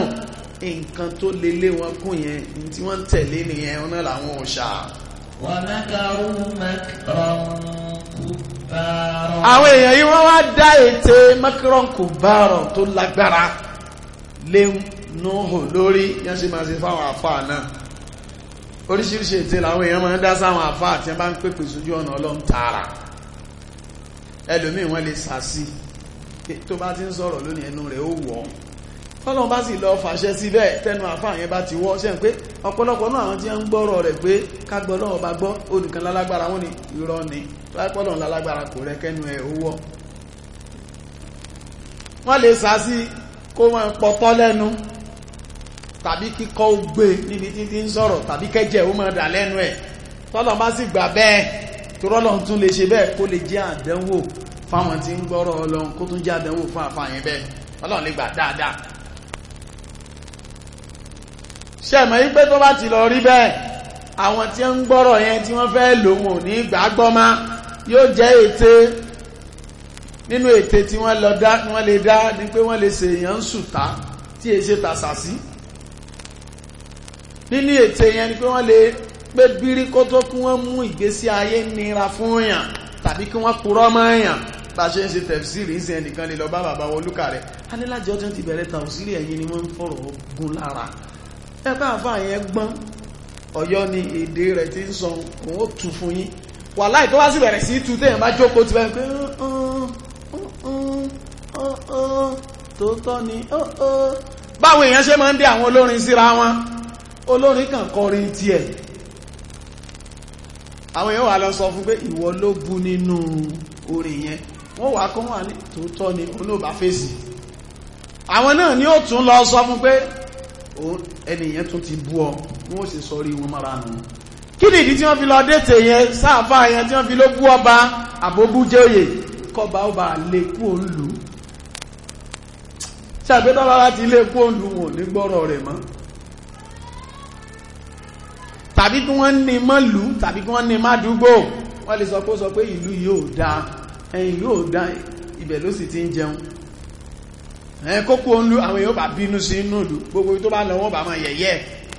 nǹkan tó lè lé wọn kún yẹn ní tí wọ́n ń tẹ̀lé nìyẹn wọn náà làwọn òòṣà. àwọn èèyàn yìí wọ́n wá dá ète mẹ́kírọ̀n kò bárọ̀ tó lágbára lé Nuhu lórí yẹn ṣe máa ṣe fáwọn àfáà náà oríṣiríṣi ète làwọn èèyàn máa ń dá sáwọn àfáà tí wọ́n bá ń pèpè sójú ọ̀nà ọlọ́run tààrà ẹlòmíì wọ́n lè sàásì tó bá ti ń sọ̀rọ̀ lónìí ẹnu rẹ̀ ó wọ̀ ọ́ tọ́lọ́n bá sì lọ fàṣẹ síbẹ̀ tẹnu àfáà yẹn bá ti wọ́ ṣe ń pé ọ̀pọ̀lọpọ̀ náà àwọn tí ń gbọ́rọ̀ rẹ̀ pé kágbọ́ náà bá gbọ́ onìkan lálágbára wọn ni irọ́ ni lápọ̀lọ̀ lálágbára kò rẹ kẹ́nu ẹ̀ owó wọ́n lè sá sí kó wọ́n pọ̀tọ́ lẹ́nu tàbí kíkọ́ ó gbé níbi tí ti ń sọ̀rọ̀ tàbí kẹ́jẹ̀ ó máa dà lẹ́nu ẹ̀ tọ́lọ́n bá sì gbà bẹ́ẹ̀ torọ́lọ́n tún lè ṣe bẹ́ẹ̀ kó lè jẹ́ àdánwò fáwọn tí ń gbọ́rọ̀ ọlọ́run kó tún jẹ́ àdánwò fún àfààyàn bẹ́ẹ̀ ọlọ́run lè gbà dáadáa ṣẹ̀mọ̀ yí pé tó bá ti lọ rí bẹ́ẹ̀ àwọn tí ń gbọ́rọ̀ yẹn tí wọ́n fẹ́ lòun ò ní gbàgbọ́ má yóò jẹ́ ète nínú ète tí wọ́n lọ dá wọ́n lè dá ni pé wọ́n lè ṣèyàn ń sùtá tí èṣe tàṣàṣí nínú ète yẹn ni pé wọ́n lè pé bírí kó tó kí wọ́n mú ìgbésí ayé nira fún yàn tàbí kí wọ́n purọ́ mọ́ yàn bá a ṣe ń ṣe tẹ̀fsìrì ń sẹ́yìn nìkan lè lọ bá bàbá wọn olúkà rẹ̀ anílájọ́ tó ti bẹ̀rẹ̀ tàùsílì ẹ̀yìn ni wọ́n ń fọ̀rọ̀ ogun lára ẹgbẹ́ àfà yẹn gbọ́n ọ̀yọ́ ni èdè rẹ̀ ti ń sọ òun ó tù fún yín wà láì tó wá sí bẹ̀rẹ̀ sí tu téèyàn bá jókòó ti bẹ́ẹ̀ pé tòótọ́ ni báwo èèyàn ṣe máa ń dé àwọn olórin síra wọn olórin kan kọrin tiẹ̀ àwọn èèyàn wà lọ sọ fún pé ìwọ ló bu nínú orin yẹn wọ́n wà kó wà ní tòótọ́ ni olóòbá fèsì àwọn náà ni ó tún lọ sọ fún pé ẹnìyẹn tún ti bú ọ wọn ó sì sọrí wọn mara nù kí ni ìdí tí wọ́n fi lọ dẹ́tẹ̀ yẹn sáàfà yẹn tí wọ́n fi ló bú ọba àbóbújẹ́yè kọba ọba lè kú òǹlù ṣàgbédọ́lá láti ilé kú òǹlù wọn ò ní gbọ́rọ̀ rẹ̀ mọ́ tàbí kí wọ́n ní mọ́lù tàbí kí wọ́n ní mádùúgbò wọ́n lè sọ pé ó sọ pé ìlú yóò dáa ẹ̀yìn yóò dáa ibẹ̀ ló sì ti ń jẹun ẹ̀ kókó ń lu àwọn èèyàn bá bínú sí inú ìlú gbogbo tó bá lọ wọ́n bá máa yẹ̀yẹ́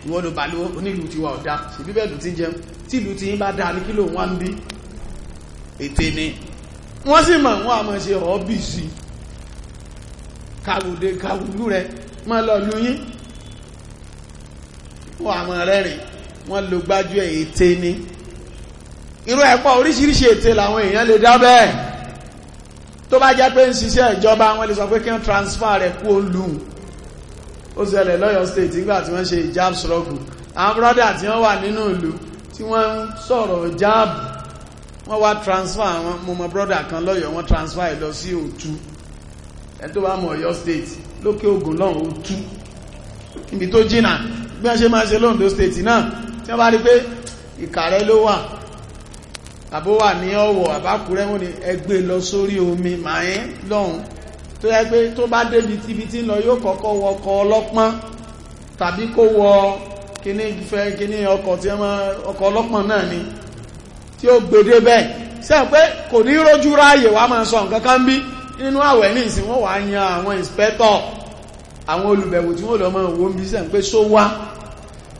ìwọ́n ló bá ló onílùú ti wà ọ̀dá sí bíbẹ̀lù ti jẹun tí ìlú ti ń bá dáa ní kílò wọ́n ń bí ètè ni wọ́n sì mọ̀ wọ́n àmọ́ ṣe ọ̀ọ́bì sí kàwùdé kàwùlú rẹ̀ mọ́ lọ lu yín wọ́n àmọ́ rẹ́rìn wọ́n lo gbájú ẹ̀ ètè ni irú ẹ̀pọ̀ oríṣiríṣi ètè làwọn èèyàn lè dá bẹ́ẹ̀ tó bá jẹ́ pé ń ṣiṣẹ́ ìjọba wọn lè sọ pé kí wọ́n transfer rẹ̀ kú olùhùn ó ṣẹlẹ̀ lọ́yọ̀ state nígbà tí wọ́n ṣe ìjáàb struggle àwọn brọ́dà tí wọ́n wà nínú ìlú tí wọ́n ń sọ̀rọ̀ ìjáàb wọ́n wá transfer àwọn mo mọ brọ́dà kan lọ́yọ̀ wọ́n transfer ẹ̀ lọ sí òtú ẹni tó bá mọ ọ̀yọ́ state lókè ògùn náà òtú níbi tó jìnnà bí wọ́n ṣe máa ṣe lóńdó state náà tí wọ́n bá rí pé ìkàrẹ́ ló wà àbó wà ní ọ̀wọ̀ àbákùrẹ́ wọn ni ẹgbẹ́ e lọ sórí omi màáyín lọ́hùn tó yẹ pé tó bá débi tíbi tí ń lọ yóò kọ́kọ́ wọ ọkọ̀ ọlọ́pọ́n tàbí kó wọ kíní fẹ́ kíní ọkọ̀ tí wọ́n ọkọ̀ ọlọ́pọ́n náà ni tí ó gbèdé bẹ́ẹ̀ sẹ́yìn pé kò ní rójú ráàyè wàá máa sọ nǹkan kan bí nínú àwẹ̀ ní ìsìn wọ́n wà á yan àwọn ìǹspẹ́tọ̀ àwọn olùbẹ̀wò tí wọ́n lọ mọ́ òun bí sẹ́yìn pé só wá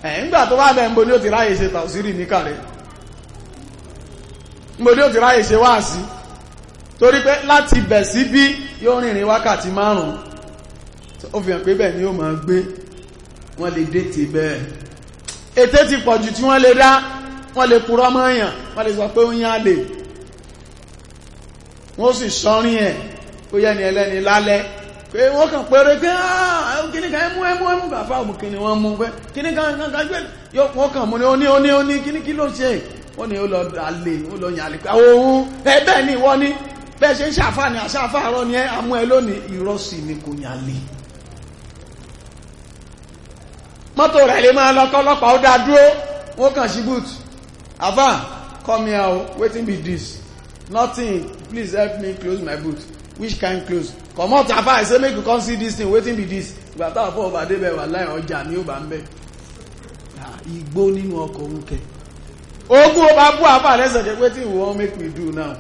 ẹ̀ ńgbà tó bá bẹ̀ ń bo ní ó ti ráàyè ṣe tàùsírì níkàlẹ̀ gbòdí ò ti ráyè ṣe wá sí torí pé láti bẹ̀ sí bí yóò rìnrìn wákàtí márùn-ún ó fi hàn pé bẹ́ẹ̀ ni ó máa gbé wọ́n lè dètè bẹ́ẹ̀ ète ti pọ̀jù tí wọ́n lè dá wọ́n lè purọ́ mọ́yàn wọ́n lè sọ pé ó yán lè wọ́n sì sọ́rin ẹ̀ ó yẹ́ ni ẹlẹ́ni lálẹ́ pé wọ́n kàn pẹ̀rẹ̀ pé ah, kíníkà ẹmú ẹmú ẹmú gàfà òmù kíní wọ́n mú pé kíníkà gbé yóò wọ́n kàn mú ní ó ní ó ní ó ní kíní kí ló ṣe wọ́n ní ó lọ dalẹ̀ ó lọ yàn àlè pé òun ẹ̀bẹ̀ ni wọ́n ní bẹ́ẹ̀ ṣe ń ṣàfà ní àṣàfà àrọ́ ni ẹ amú ẹ lónìí ìrọ́sì ni kò yàn mọ́tò rẹ̀ lè máa lọ́kọ́lọ́pàá ó dá wọ́n kàn sí boot àfà come here o wetin be this nothing please help me close my boot which kind close comot àfà i say make you come see this thing wetin be this ìgbà táwọn fún ọba débẹ̀ wà láì ọjà ní ò bá ń bẹ̀ ah, igbó nínú ọkọ̀ òun kẹ̀ ogún ọba bú àbá lẹ́sàn jẹ́ pé tí wọ́n make we do now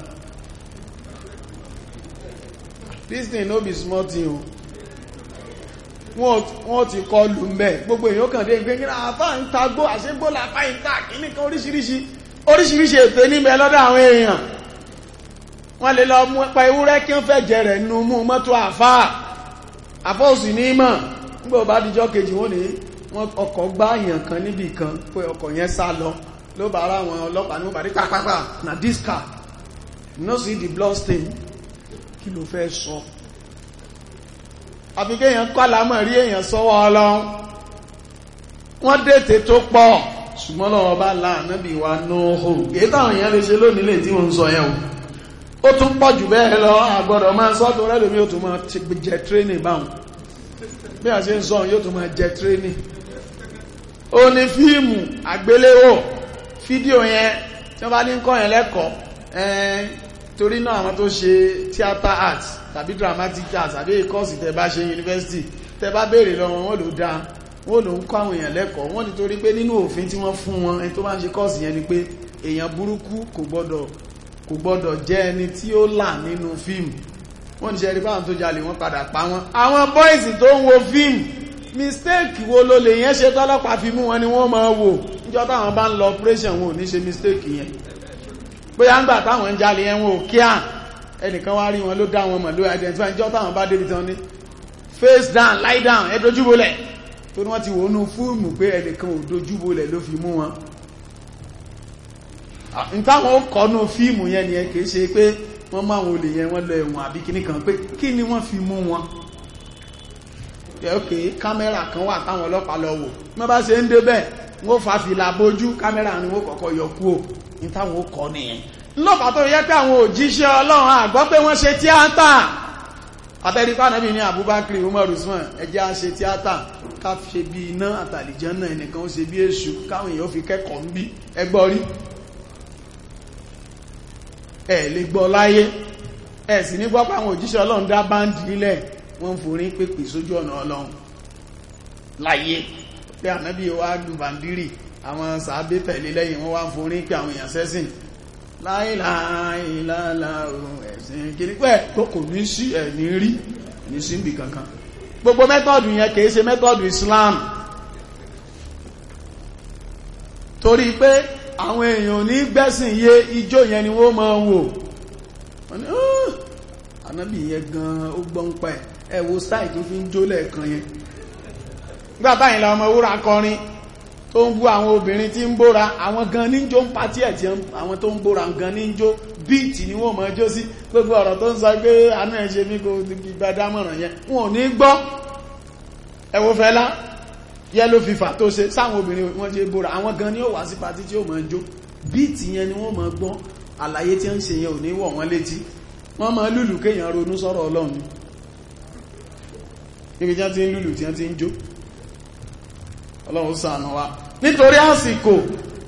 this thing no be small thing o wọ́n ti kọ lù mẹ́ gbogbo èyàn kàn dé gbé kí àfá ń ta gbó àṣégbó làfá ń ta kìíní kan oríṣiríṣi oríṣiríṣi ètò níbẹ̀ lọ́dọ̀ àwọn èèyàn wọ́n lè lọ mú pa ewúrẹ́ kí wọ́n fẹ́ jẹ rẹ̀ nínú mú mọ́tò àfá àfá òsì ní mọ̀ nígbà bá dijọ́ kejì wọ́n ní ọkọ̀ gbá èèyàn kan níbì kan pé ọkọ̀ yẹn sá lọ ló bá ara àwọn ọlọ́pàá ní ó bá rí pàpàpà na this car no see the blood stain kí ló fẹ́ sọ àfi kéèyàn kálámọ̀ rí èèyàn sọ́wọ́ ọlọ́run wọ́n dètè tó pọ̀ ṣùgbọ́n lọ́wọ́ bá la ànábì wa nóòhò èyí táwọn èèyàn lè ṣe lónìí lè tí wọ́n ń sọ yẹn o ó tún pọ̀ jù bẹ́ẹ̀ lọ àgbọ̀dọ̀ máa sọ́tò rẹ́lómi ó tún máa jẹ tírénì báwọn bí a ṣe ń sọ yóò tún máa jẹ tírénì ó ní fíìmù àgbéléwò fídíò yẹn tí wọ́n bá ní kọ́ yẹn lẹ́kọ̀ọ́ ẹn torí náà àwọn tó ṣe theatre arts tàbí dramatic arts àbí ìkọ́sì tẹ bá ṣe yunifásitì tẹ bá béèrè lọ́wọ́ wọn ló dáa wọn ló ń kọ́ àwọn èèyàn lẹ́kọ̀ọ́ wọn nítorí pé nínú òfin tí wọ́n fún wọn ẹni tó bá ń ṣe kọ́ọ̀sì yẹn ni pé èèyàn burúkú kò gbọ́dọ̀ kò gbọ́dọ̀ jẹ́ ẹni tí ó là nínú fíìmù wọ́n ti ṣe ẹni báwọn tó jalè wọ́n padà pa wọ́n àwọn bọ́ìsì tó ń wo fíìmù mistake wo lo lè yẹn ṣe tọ́lọ́pàá fi mú wọn ni wọ́n máa wò níjọ́ táwọn bá ń lọ operation wọn ni ní mistake yẹn bóyá ń gbà táwọn ń jalè yẹn wọn ò kíá ẹnìkan wá rí wọn ló dá wọn mọ̀ ló identify níjọ́ táwọn bá débi tán ní face down lie down ẹ dojúbolẹ̀ tó ní wọ́n ti wòónú fúùmù pé ẹnìkan ò dojúbolẹ̀ ló fi mú wọn ntáwọn ó kọ́nú fíìmù yẹn nìyẹn kì í ṣe pé wọ́n máa wọn olè yẹn wọ́n lọ ẹ̀wọ̀n àbí kíní kan pé kí ni fi mú wọn okay kámẹ́rà kan wà táwọn ọlọ́pàá lọ wò wọ́n bá ṣe ń dé bẹ́ẹ̀ wọ́n fa fìlà bójú kámẹ́rà ni wọ́n kọ́kọ́ yọ kú ò ní táwọn ó kọ́ nìyẹn lọ́pàá tó yẹ pé àwọn òjíṣẹ́ ọlọ́run àgbọ́ pé wọ́n ṣe tíátà àtẹ́rípá nẹ́bí ní àbúbákiri Umar Usman ẹjẹ́ a ṣe tíátà ká ṣe bí iná àtàlìjẹ́ náà ẹnìkan ó ṣe bí èṣù káwọn èèyàn fi kẹ́kọ̀ọ́ ń bí ẹgbọ́ rí ẹ̀ lè gbọ́ láyé ẹ̀ sì ní gbọ́ pé àwọn òjíṣẹ́ ọlọ́run dá báńdì nílẹ̀ wọ́n ń forí pèpè sójú ọ̀nà ọlọ́run láyé pé ànábì wa lu bàndírì àwọn sàábé tẹ̀lé lẹ́yìn wọ́n wá ń forí pé àwọn èèyàn sẹ́sìn láìláìláìlá ohun ẹ̀sìn kiri pẹ́ tó kò ní sí ẹ̀ní rí ní síbi kankan gbogbo mẹ́tọ́ọ̀dù yẹn kìí ṣe mẹ́tọ́ọ̀dù Islam torí pé àwọn èèyàn ní gbẹ́sìn yé ijó yẹn ni wọ́n máa wò wọ́n ní ọ́ ànábì yẹn gan-an ó gbọ́n pẹ́ ẹ wo style tó fi ń jó lẹ́ẹ̀kan yẹn nígbà táyìn la ọmọ wúrà kọrin tó ń bú àwọn obìnrin tí ń bóra àwọn gan ní jó ń patí ẹ̀ tí àwọn tó ń bóra gan ní jó bíìtì ni wọ́n mọ̀ jó sí gbogbo ọ̀rọ̀ tó ń sọ pé àánú ẹ̀ ṣe mí kò gba dámọ̀ràn yẹn wọn ò ní gbọ́ ẹ wo Fẹlá yẹ́lò fífà tó ṣe sáwọn obìnrin wọ́n ṣe bóra àwọn gan ní ó wá sí patí tí ó mọ̀ jó bíìtì yẹn ni wọ́n mọ̀ gbọ́ àlàyé tí ń ṣe yẹn ò ní wọ̀ wọ́n létí wọ́n mọ̀ lùlù kéèyàn ronú sọ̀rọ̀ Ọlọ́run níbi tí wọ́n ti ń lùlù tí wọ́n ti ń jó ọlọ́run ṣàánú wa nítorí àsìkò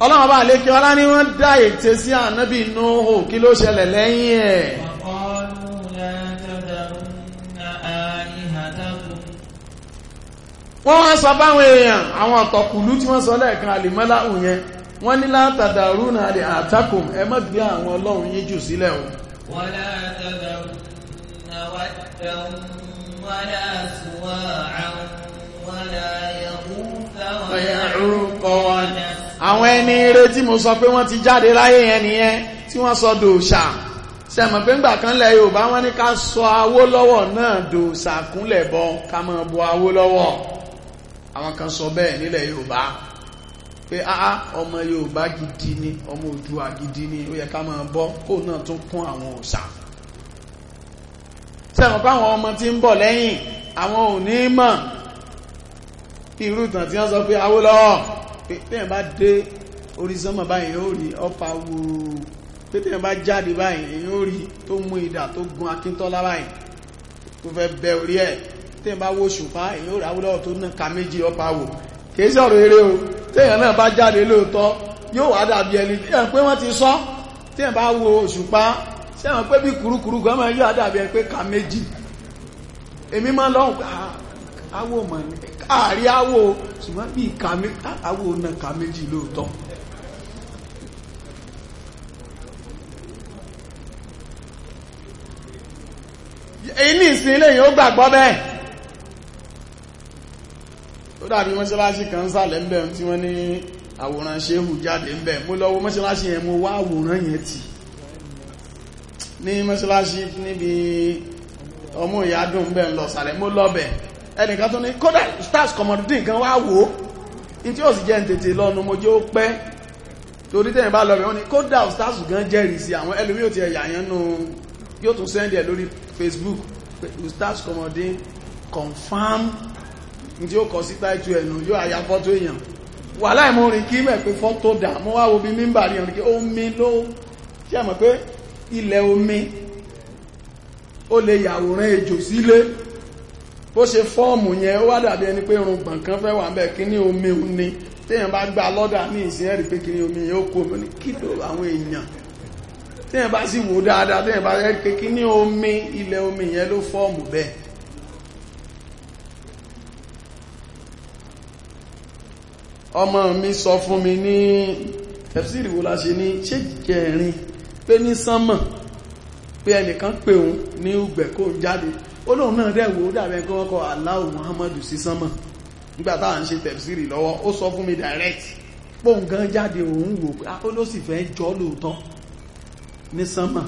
ọlọ́run bá lè kí ọlá ní wọ́n dá ète sí ànábì nóhò kí ló ṣẹlẹ̀ lẹ́yìn ẹ̀ wọ́n wá sọ báwọn èèyàn àwọn ọ̀tọ̀kùlú tí wọ́n sọ lẹ́ẹ̀kan àlìmọ́lá òyìn wọ́n ní látàdà ولا سواعا ولا يغوث ويعوق ونسرا àwọn ẹni eré tí mo sọ pé wọ́n ti jáde láyé yẹn nìyẹn tí wọ́n sọ dòòṣà sẹ̀mọ̀ pé ńgbà kan lẹ̀ Yorùbá wọ́n ní ká sọ Awólọ́wọ̀ náà dòòṣà kúnlẹ̀ bọ ká máa bọ Awólọ́wọ̀ àwọn kan sọ bẹ́ẹ̀ nílẹ̀ Yorùbá pé áá ọmọ Yorùbá gidi ni ọmọ Oòduà gidi ni ó yẹ ká máa bọ kó náà tún kún àwọn òòṣà sẹ́wọ̀n káwọn ọmọ tí ń bọ̀ lẹ́yìn àwọn ò ní mọ̀ irú ìtàn tí wọ́n sọ pé Awólọ́wọ̀ pé tẹ́yìn bá dé orí sánmọ̀ báyìí yóò rí ọ̀pá wúrú pé tẹ́yìn bá jáde báyìí yóò rí tó mú idà tó gun Akíntọ́lá báyìí tó fẹ́ bẹ orí ẹ̀ tẹ́yìn bá wó ṣùpá yóò rí Awólọ́wọ̀ tó náà ka méjì ọ̀pá wò kìí sọ̀rọ̀ eré o tẹ́yìn náà bá jáde lóòótọ́ yóò wá dàbí ẹni tẹ́yìn pé wọ́n ti sọ tẹ́yìn bá wo òṣùpá sẹ́wọ̀n pé bí kùrukùru gan máa yọ àdàbí ẹ pé ka méjì èmi máa lọ́hùn ah, pé awo mọ̀ ní àárí awo ṣùgbọ́n bí ka méjì ah, awo náà ka méjì lóòótọ́ èyí ní ìsìn ilé yìí ó gbàgbọ́ bẹ́ẹ̀ ó dàbí mọ́ṣáláṣí kan sàlẹ̀ ń bẹ̀ tí wọ́n ní àwòrán ṣéhù jáde ń bẹ̀ mo lọ wo mọ́ṣáláṣí yẹn mo wá àwòrán yẹn tì ní mọ́síláṣí níbi ọmọ ìyádùn bẹ̀ ń lọ sàlẹ̀ mọ́ lọ́bẹ̀ ẹnìkan tó ní kódà stars commodity kan wá wò ó in tí ó sì jẹ́ ń tètè lọ́nu mo jẹ́ ó pẹ́ torí tẹ́yìn bá lọ́bẹ̀ wọ́n ní kódà stars gan jẹ́rìí sí àwọn ẹlòmí ò ti ẹ̀yà yẹn nù yóò tún sẹ́ndì ẹ̀ lórí Facebook stars commodity confam ní tí ó kọ sí táìtù ẹ̀nu yóò àyà fọ́tò èèyàn wà láì mọ́ rìn kí mẹ́ pé fọ́tò dà mọ́ wá wo bí mímbà rí ọ̀rìn ó mi ló ṣe mọ̀ pé ilẹ̀ omi ó lè yàwòrán ejò sílé bó ṣe fọ́ọ̀mù yẹn ó wá dàbí ẹni pé irun gbọ̀nkan fẹ́ wà bẹ́ẹ̀ kí ní omi òun ni téèyàn bá gba lọ́dà ní ìsìn ẹ̀rí pé kí ní omi yẹn ó kó omi ní kílò àwọn èèyàn téèyàn bá sì wò dáadáa téèyàn bá rí pé kí ní omi ilẹ̀ omi yẹn ló fọ́ọ̀mù bẹ́ẹ̀ ọmọ mi sọ fún mi ní tẹ̀síìrì wo la ṣe ní ṣé jẹ́rin pé ní sánmọ̀ pé ẹnìkan pè òun ní ugbẹ̀ kó ń jáde ó lóun náà rẹ̀wò ó dàbẹ́ kí wọ́n kọ Muhammadu sí sánmọ̀ nígbà táwọn ṣe tẹ̀síìrì lọ́wọ́ ó sọ fún mi direct póun gan jáde òun wò pé ah, ó ló sì fẹ́ jọ lóòótọ́ ní sánmọ̀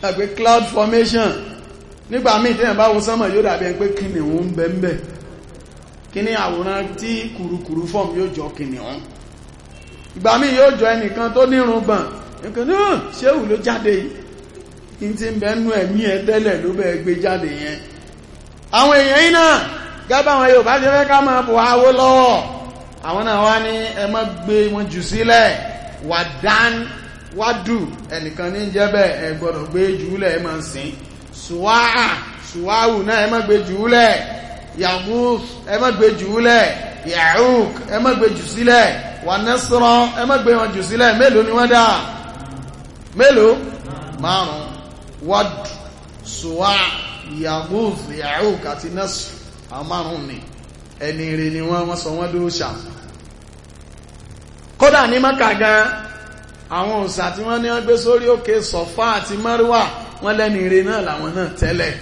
tàbí cloud formation nígbà míì tí èèyàn bá wo sánmọ̀ yóò dàbẹ́ pé kìnìún ń bẹ ń bẹ àwòrán tí kùrukùru form yóò jọ kìnìún ìgbà míì yóò jọ ẹnìkan tó nírun gbọ̀n nǹkan náà ṣéwù ló jáde yìí tí ń bẹ́nu ẹ̀mí ẹ tẹ́lẹ̀ ló bẹ́ẹ̀ gbé jáde yẹn àwọn èèyàn yìí náà gábà àwọn Yorùbá ti fẹ́ ká máa bò áwó lọ́wọ́ àwọn náà wá ní ẹ má gbé wọn jù sílẹ̀ wà dán wá dù ẹnìkan ní jẹ́ bẹ́ẹ̀ ẹ gbọ́dọ̀ gbé jùúlẹ̀ ẹ máa sìn ṣùwáà ṣùwáàwù náà ẹ má gbé jùúlẹ̀ yàgùs ẹ má gbé jùúlẹ̀ yàhùk ẹ má gbé jù sílẹ̀ wà nẹ́sọ́rọ́ ẹ má gbé wọn jù sílẹ̀ mélòó ni wọ́n dá mélòó márùn wọ́dù sùwà yaguz yauk àti nẹ́sù àwọn márùn ni ẹni rè ni wọ́n wọ́n sọ wọ́n dúró ṣà kódà ní mọ́kà gan àwọn òòsà tí wọ́n ní wọ́n sórí òkè sọ̀fà àti márùwà wọ́n lẹ́ni rè náà làwọn náà tẹ́lẹ̀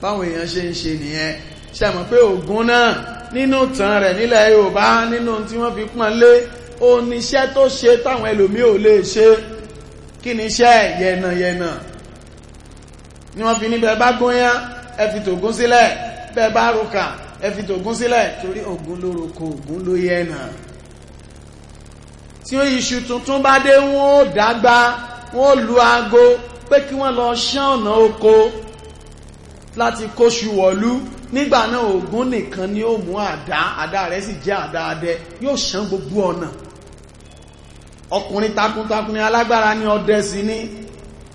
báwọn èèyàn ṣe ń ṣe nìyẹn ṣe mọ̀ pé ògùn náà nínú tàn rẹ̀ nílẹ̀ Yorùbá nínú tí wọ́n fi pọ́n lé ó níṣẹ́ tó ṣe táwọn ẹlòmí ò lè ṣe kí níṣẹ́ yẹ̀nàyẹ̀nà ni wọ́n fi níbẹ̀ bá gúnyán ẹ fi tògún sílẹ̀ bẹ́ bá rúkà ẹ fi tògún sílẹ̀ torí ògún ló roko ògún ló yẹ̀nà tí ó iṣu tuntun bá dé wọ́n ó dágbá wọ́n ó lu aago pé kí wọ́n lọ ṣán ọ̀nà oko láti kóṣù wọ̀lú nígbà náà Ògún nìkan ni ó mú àdá àdá rẹ̀ sì jẹ́ àdá adẹ yóò ṣán gbogbo ọ̀nà ọkùnrin takuntakun ni alágbára ni ọdẹ sí ní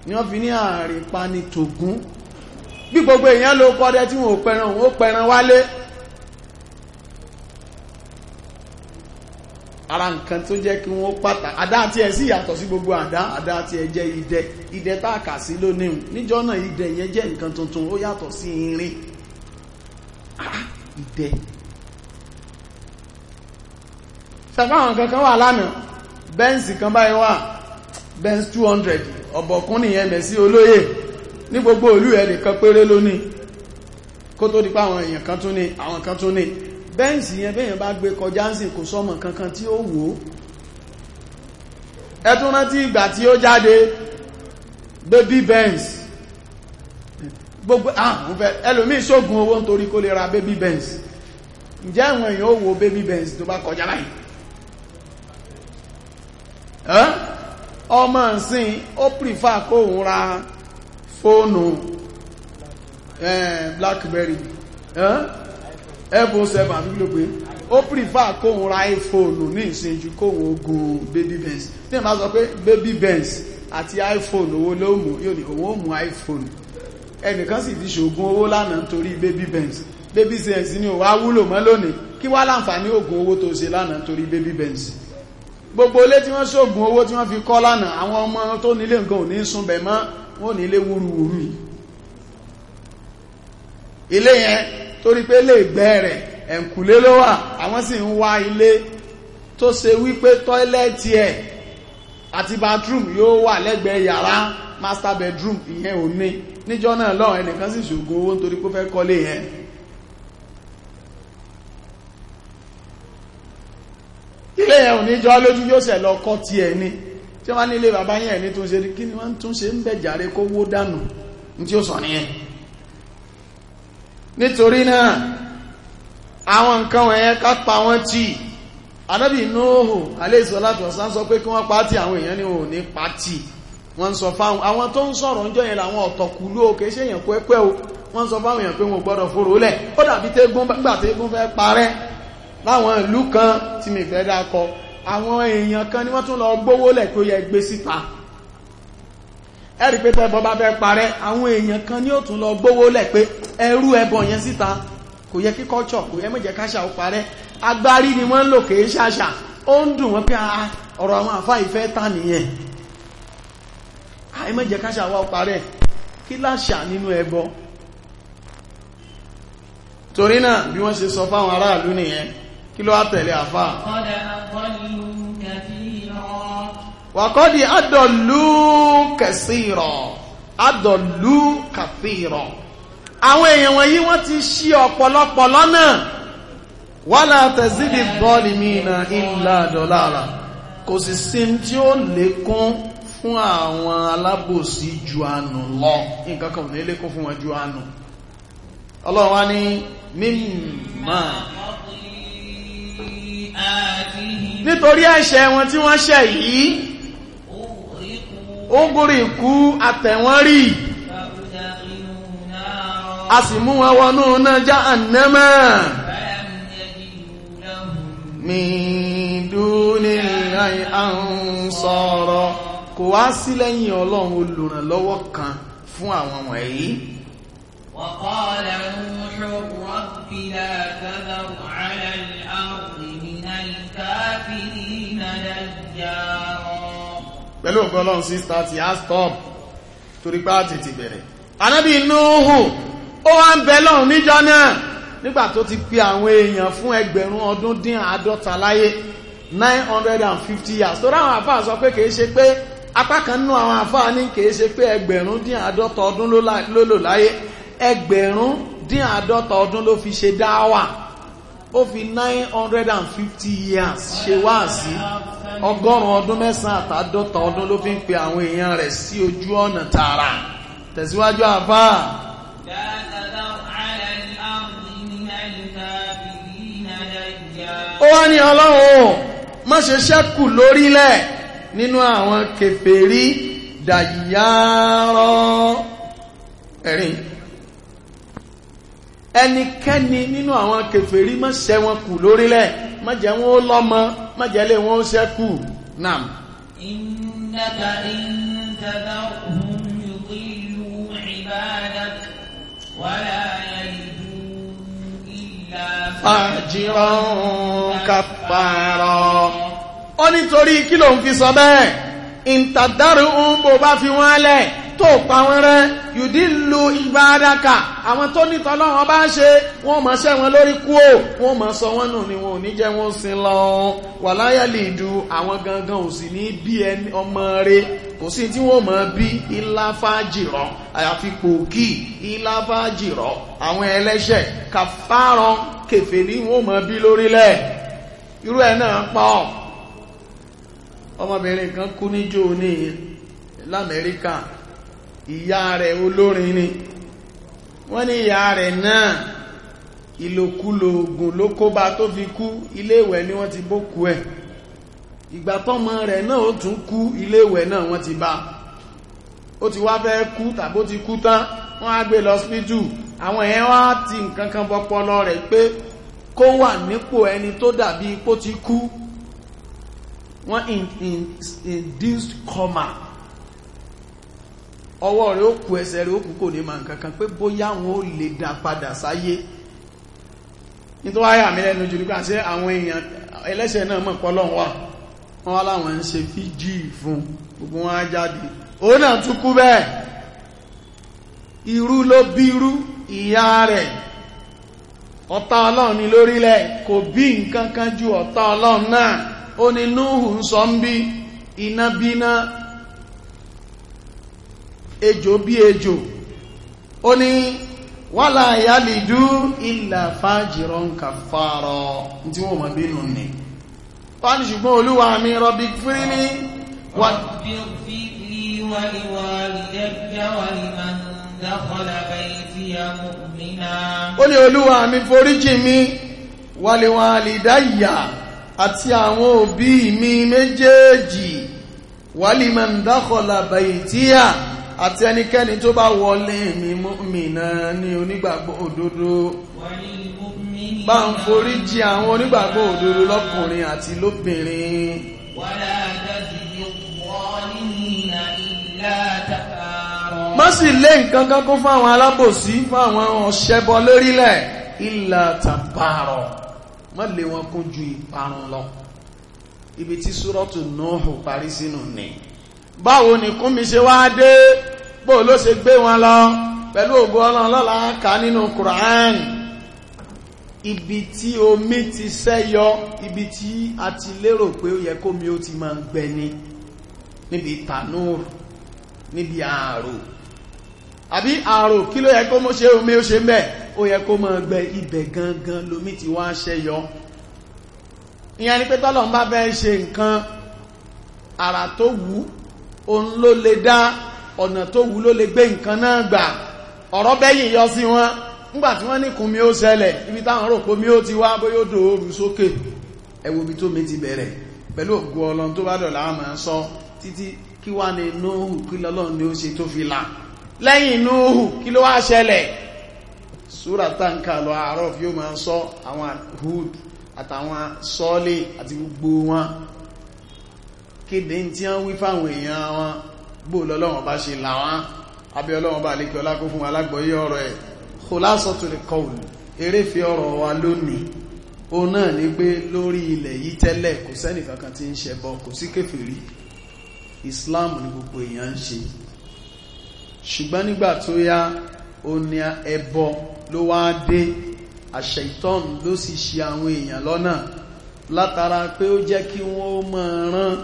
ni wọ́n fi ní ààrin pa ni tògún bí gbogbo èèyàn ló kọ́dẹ tí wọ́n ò pẹran òun ó pẹran wálé ara nǹkan tó jẹ́ kí wọ́n pàtà àdá àti ẹ̀ sì yàtọ̀ sí gbogbo àdá àdá àti ẹ̀ jẹ́ idẹ idẹ tá a kà sí lónìí níjọ́ náà idẹ yẹn jẹ́ nǹkan tuntun ó yàtọ̀ sí irin ìdẹ ṣàbáwọn kankan wà lánàá bẹ́ǹsì kan báyìí wà Benz 200 ọ̀bọ̀kún nìyẹn mẹ́sí olóyè ní gbogbo olú ẹ̀ nìkan péré lónìí kó tó dípa àwọn èèyàn kan tún ní àwọn kan tún ní bẹ́ǹsì yẹn bẹ́yàn bá gbé kọjá ń sì kò sọmọ kankan tí ó wò ó rántí ìgbà tí ó jáde baby benz gbogbo àwọn ah, fẹ́ ẹlòmí ṣógun owó nítorí kó lè ra baby benz ǹjẹ́ àwọn èèyàn ó wo baby benz tó bá kọjá láì ọmọ ǹsìn ó prefer kó òun ra fóònù blackberry iphone seven àbí ló pé ó prefer kó òun ra iphone ní ìsìn ju kó òun ogun baby benz tí ìmá sọ pé baby benz àti iphone owó ló mú yóò ní owó mú iphone ẹnìkan sì ti ṣògùn owó lánàá nítorí baby benz baby benz ni ò wá wúlò mọ́ lónìí kí wá láǹfààní ògùn owó tó ṣe lánàá nítorí baby benz gbogbo ilé tí wọ́n ṣògùn owó tí wọ́n fi kọ́ lánàá àwọn ọmọ tó nílé nǹkan ò ní súnbẹ̀ mọ́ wọ́n nílé wúruwúru yìí ilé yẹn torí pé lè gbẹ́ rẹ̀ ẹ̀ǹkùlé ló wà àwọn sì ń wá ilé tó ṣe wípé tọ́ílẹ̀tì ẹ̀ àti bathroom yóò wà lẹ́gbẹ̀ẹ́ yàrá master bedroom ìyẹn ò ní níjọ́ náà lọ́wọ́ ẹnìkan sì ṣògo owó nítorí pé fẹ́ kọ́lé yẹn ilé yẹn ò níjọ́ lójú yóò ṣẹ̀ lọ kọ́ ti ẹ̀ ni tí wọ́n nílé bàbá yẹn ní tún ṣe kí ni wọ́n tún ṣe ń bẹ̀ jàre kó wó dànù ní tí ó sọ nìyẹn nítorí náà àwọn nǹkan wọ̀nyẹn ká pa wọ́n tì anábì nóòhùn aléìsọ́lá tó sá sọ pé kí wọ́n pa á àwọn èèyàn ní òun ní pa tì wọ́n ń sọ fáwọn àwọn tó ń sọ̀rọ̀ ńjọ́ yẹn làwọn ọ̀tọ̀kùlú òkè ṣe èèyàn pẹ́pẹ́ o wọ́n ń sọ fáwọn èèyàn pé wọn gbọ́dọ̀ fòrò lẹ̀ ó dàbí tégún gbà tégún fẹ́ parẹ́ láwọn ìlú kan tí mi fẹ́ dákọ àwọn èèyàn kan ni wọ́n tún lọ gbówó lẹ̀ pé ó yẹ gbé síta ẹ rí pé tẹ́bọ bá fẹ́ parẹ́ àwọn èèyàn kan ni ó tún lọ gbówó lẹ̀ pé ẹrú ẹbọ yẹn síta kò yẹ kí kọ́ṣọ̀ kò yẹ mọ̀jẹ̀ káṣà ó parẹ́ agbárí ni wọ́n ń lò kèé ṣàṣà ó ń dùn wọ́n pé ah, ọ̀rọ̀ àwọn àfáà ìfẹ́ tà nìyẹn àìmọ́jẹ káṣà wá parẹ́ kí láṣà nínú ẹbọ torí náà bí wọ́n ṣe sọ fáwọn aráàlú nìyẹn kí ló wá tẹ̀lé àfà wàkọ́dí adọ̀lú kẹsìrọ̀ adọ̀lú kàfìrọ̀ àwọn èèyàn wọ̀nyí wọ́n ti ṣí ọ̀pọ̀lọpọ̀ lọ́nà wàlá tẹ̀sídìí bọ́ọ̀lì mí ìlà dọ̀lára kò sì sí tí ó lékún fún àwọn alábòsí ju àánú lọ nǹkan kan ní ilé kó fún wọn ju àánú ọlọ́run wá ní mímọ̀ nítorí ẹ̀ṣẹ̀ wọn tí wọ́n ṣẹ̀ yìí ó gúrì kú àtẹ̀wọ́n rí a sì mú wọn wọnú náà já ànẹ́mọ́ min dúnilẹ̀ àwọn sọ̀rọ̀ kò wá sí lẹ́yìn ọlọ́run olùrànlọ́wọ́ kan fún àwọn wọ̀nyí. وقال نوح رب لا تذر على الأرض من الكافرين دجارا pẹ̀lú ògbọ́n ọlọ́run sí start ya stop torí pé a tètè bẹ̀rẹ̀ anábì Núhù ó wá ń bẹ lọ́hùn níjọ́ náà nígbà tó ti pe àwọn èèyàn fún ẹgbẹ̀rún ọdún dín àádọ́ta láyé 950 years tó ráwọn àfáà sọ pé kìí ṣe pé apá kan nú àwọn àfáà ní kìí ṣe pé ẹgbẹ̀rún dín àádọ́ta ọdún ló lò láyé ẹgbẹ̀rún dín àádọ́ta ọdún ló fi ṣe dáwà ó fi 950 years ṣe wá sí ọgọ́rùn-ún ọdún mẹ́sàn-án àtàdọ́ta ọdún ló fi ń pe àwọn èèyàn rẹ̀ sí ojú ọ̀nà tààrà tẹ̀síwájú àfáà ó wá ní ọlọ́run má ṣẹ́kù lórílẹ̀ nínú àwọn kèfèrí dàyàrọ́ ẹ̀rin ẹnikẹ́ni nínú àwọn kèfèrí má ṣẹ́ wọn kù lórílẹ̀ má jẹ́ wọn ó lọ́mọ má jẹ́ lé wọn ó ṣẹ́kù nam. innaka intadahum yudillu ibadak wala yalidu illa fajiran kafara ó nítorí kí ló ń fi sọ bẹ́ẹ̀ ìntàdárù ń bò bá fi wọ́n lẹ̀ tó pa wọ́n rẹ́ yùdílù ìbáradàkà àwọn tó ní tọ́lọ́wọ́n bá ṣe wọ́n mọ̀ ṣẹ́ wọn lórí kú ò wọ́n mọ̀ sọ wọ́n nù ni wọn ò ní jẹ́ wọ́n sin lọ wà láyà lè du àwọn gangan ò sì ní bí ẹni ọmọ rẹ kò sí tí wọ́n mọ̀ bí ìláfàjìrọ̀ àyàfi pòkì ìláfàjìrọ̀ àwọn ẹlẹ́ṣẹ̀ kàfárọ̀ kèfèrí wọ́n mọ̀ bí lórílẹ̀ irú ẹ̀ náà pọ̀ ọmọbìnrin kan kú níjó ní l'Amẹ́ríkà ìyá rẹ̀ olórin ni wọ́n ní ìyá rẹ̀ náà ìlòkulò oògùn ló kóbá tó fi kú iléèwẹ̀ ni wọ́n ti bókú ẹ̀ ìgbà tọ́mọ rẹ̀ náà ó tún kú iléèwẹ̀ náà wọ́n ti bá ó ti wá fẹ́ kú tàbó ti kú tán wọ́n á gbé lọ sípítù àwọn èèyàn wá ti nǹkan kan bọpọlọ rẹ̀ pé kó wà nípò ẹni tó dàbí ipò ti kú wọ́n induced coma ọwọ́ rẹ ó kú ẹsẹ̀ rẹ̀ ó kò ní ma nkankan pé bóyá wọn ó lè dá padà sáyé nítorí àyà mi lẹ́nu jù àwọn èèyàn ẹlẹ́ṣẹ̀ náà mọ̀ pọ́lọ́ wà wọ́n wá láwọn ń fún gbogbo wọn á jáde náà tún kú irú ló bírú ìyá ju ó ní núhù ń sọ ń bí iná bíná ejò bí ejò ó ní wàlá yálìdú ìlà fàájìrọ̀ ń kà fàárọ̀ tí wọ́n mọ̀ bínú ni wọ́n ní ṣùgbọ́n olúwa mi rọ́bí fírí ní wọ́n ó ní olúwa mi foríjì mi wàlíwàlì dáyà àti àwọn òbí mi méjèèjì waliman dakhala baytiya àti ẹnikẹ́ni tó bá wọlé mi mọ́mìnà ní onígbàgbọ́ òdodo bá ń forí jì àwọn onígbàgbọ́ òdodo lọ́kùnrin àti lóbìnrin má sì lé nǹkan kan kún fún àwọn alábòsí fún àwọn lórílẹ̀ ìlà tàbàrọ̀ má lé wọn kún ju ìparun lọ ibi tí súrọ́tù Nuhu parí sínú ni báwo ni kúnmi ṣe wá dé bó ló ṣe gbé wọn lọ pẹ̀lú ògo ọlọ́run lọ́la kà nínú Quran ibi tí omi ti sẹ́yọ ibi tí a ti lérò pé ó yẹ kómi ó ti máa gbẹ ni níbi tanur níbi ààrò àbí ààrò kí ló yẹ kó mọ́ ṣe omi ó ṣe mẹ́ẹ̀ ó yẹ kó máa gbẹ ibẹ̀ gangan lomi ti wá ṣẹyọ ìyẹn ni pé tọ́lọ̀ ń bá fẹ́ ṣe nǹkan àrà tó wù òun ló lè dá ọ̀nà tó wù ló lè gbé nǹkan náà gbà ọ̀rọ̀ bẹ́yìn yọ sí wọn nígbà tí wọ́n ní kùn mi ó ṣẹlẹ̀ ibi táwọn rò pé mi ó ti wá bóyá ó dò sókè ẹ ibi tó mi ti bẹ̀rẹ̀ pẹ̀lú ògo ọlọ́run tó bá dọ̀là àmọ́ sọ títí kí wá ní nóhù kí lọ́lọ́run ni ó ṣe tó fi là lẹ́yìn nóhù kí ló wá ṣẹlẹ̀ súra táǹkà lọ àárọ̀ fi ó ma ń sọ àwọn Hud àtàwọn sọ́ọ́lẹ̀ àti gbogbo wọn kéde tí wọ́n wí fáwọn èèyàn wọn bó lọ́lọ́wọ́n bá ṣe làwọn abẹ́ ọlọ́wọ́n bá lè kí ọlá kó fún alágbọ̀ọ́yé ọ̀rọ̀ ẹ̀ khulasatul qawl eréfì ọ̀rọ̀ wa lónìí ó náà ní pé lórí ilẹ̀ yìí tẹ́lẹ̀ kò sẹ́nì kankan tí ń ṣẹbọ kò sí kèfèrí Islam ni gbogbo èèyàn ń ṣe ṣùgbọ́n nígbà tó yá ó ní ẹbọ ló wá dé àṣẹ̀tọ́n ló sì ṣì àwọn èèyàn lọ́nà látara pé ó jẹ́ kí wọ́n mọ̀ rán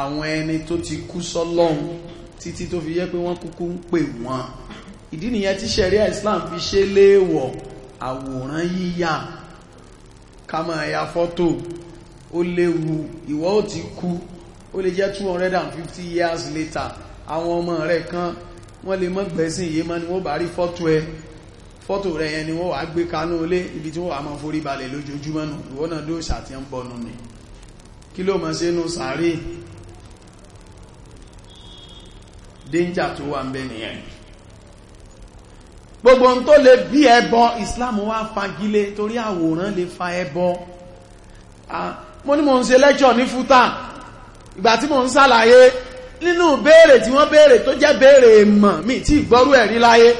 àwọn ẹni tó ti kú sọ́lọ́hun títí tó fi yẹ pé wọ́n kúkú ń pè wọ́n ìdí nìyẹn tí ṣẹ̀ríà Islam fi ṣe léèwọ̀ àwòrán yíyà ká máa ya fọ́tò ó léwu ìwọ ó ti kú ó lè jẹ́ 250 years later àwọn ọmọ rẹ̀ kan wọ́n lè mọ́ gbẹ̀sìn yìí mọ́ ni wọ́n bá rí fọ́tò ẹ fọ́tò rẹ̀ yẹn ni wọ́n wà gbé kanú olé ibi tí wọ́n wà máa forí balẹ̀ lójoojúmọ́ nù ìwọ́n náà dó ìṣà tí ó ń bọnu nì kí ló mọ̀ sí inú sàárè danger tó wà ń bẹ nìyẹn gbogbo ohun tó lè bí ẹbọ Islam wá fagilé torí àwòrán lè fa ẹbọ mo ní mo ń ṣe lẹ́jọ́ ní fúta ìgbà tí mo ń ṣàlàyé nínú béèrè tí wọ́n béèrè tó jẹ́ béèrè mọ̀ mi tí ìgbọ́rú ẹ̀rí láyé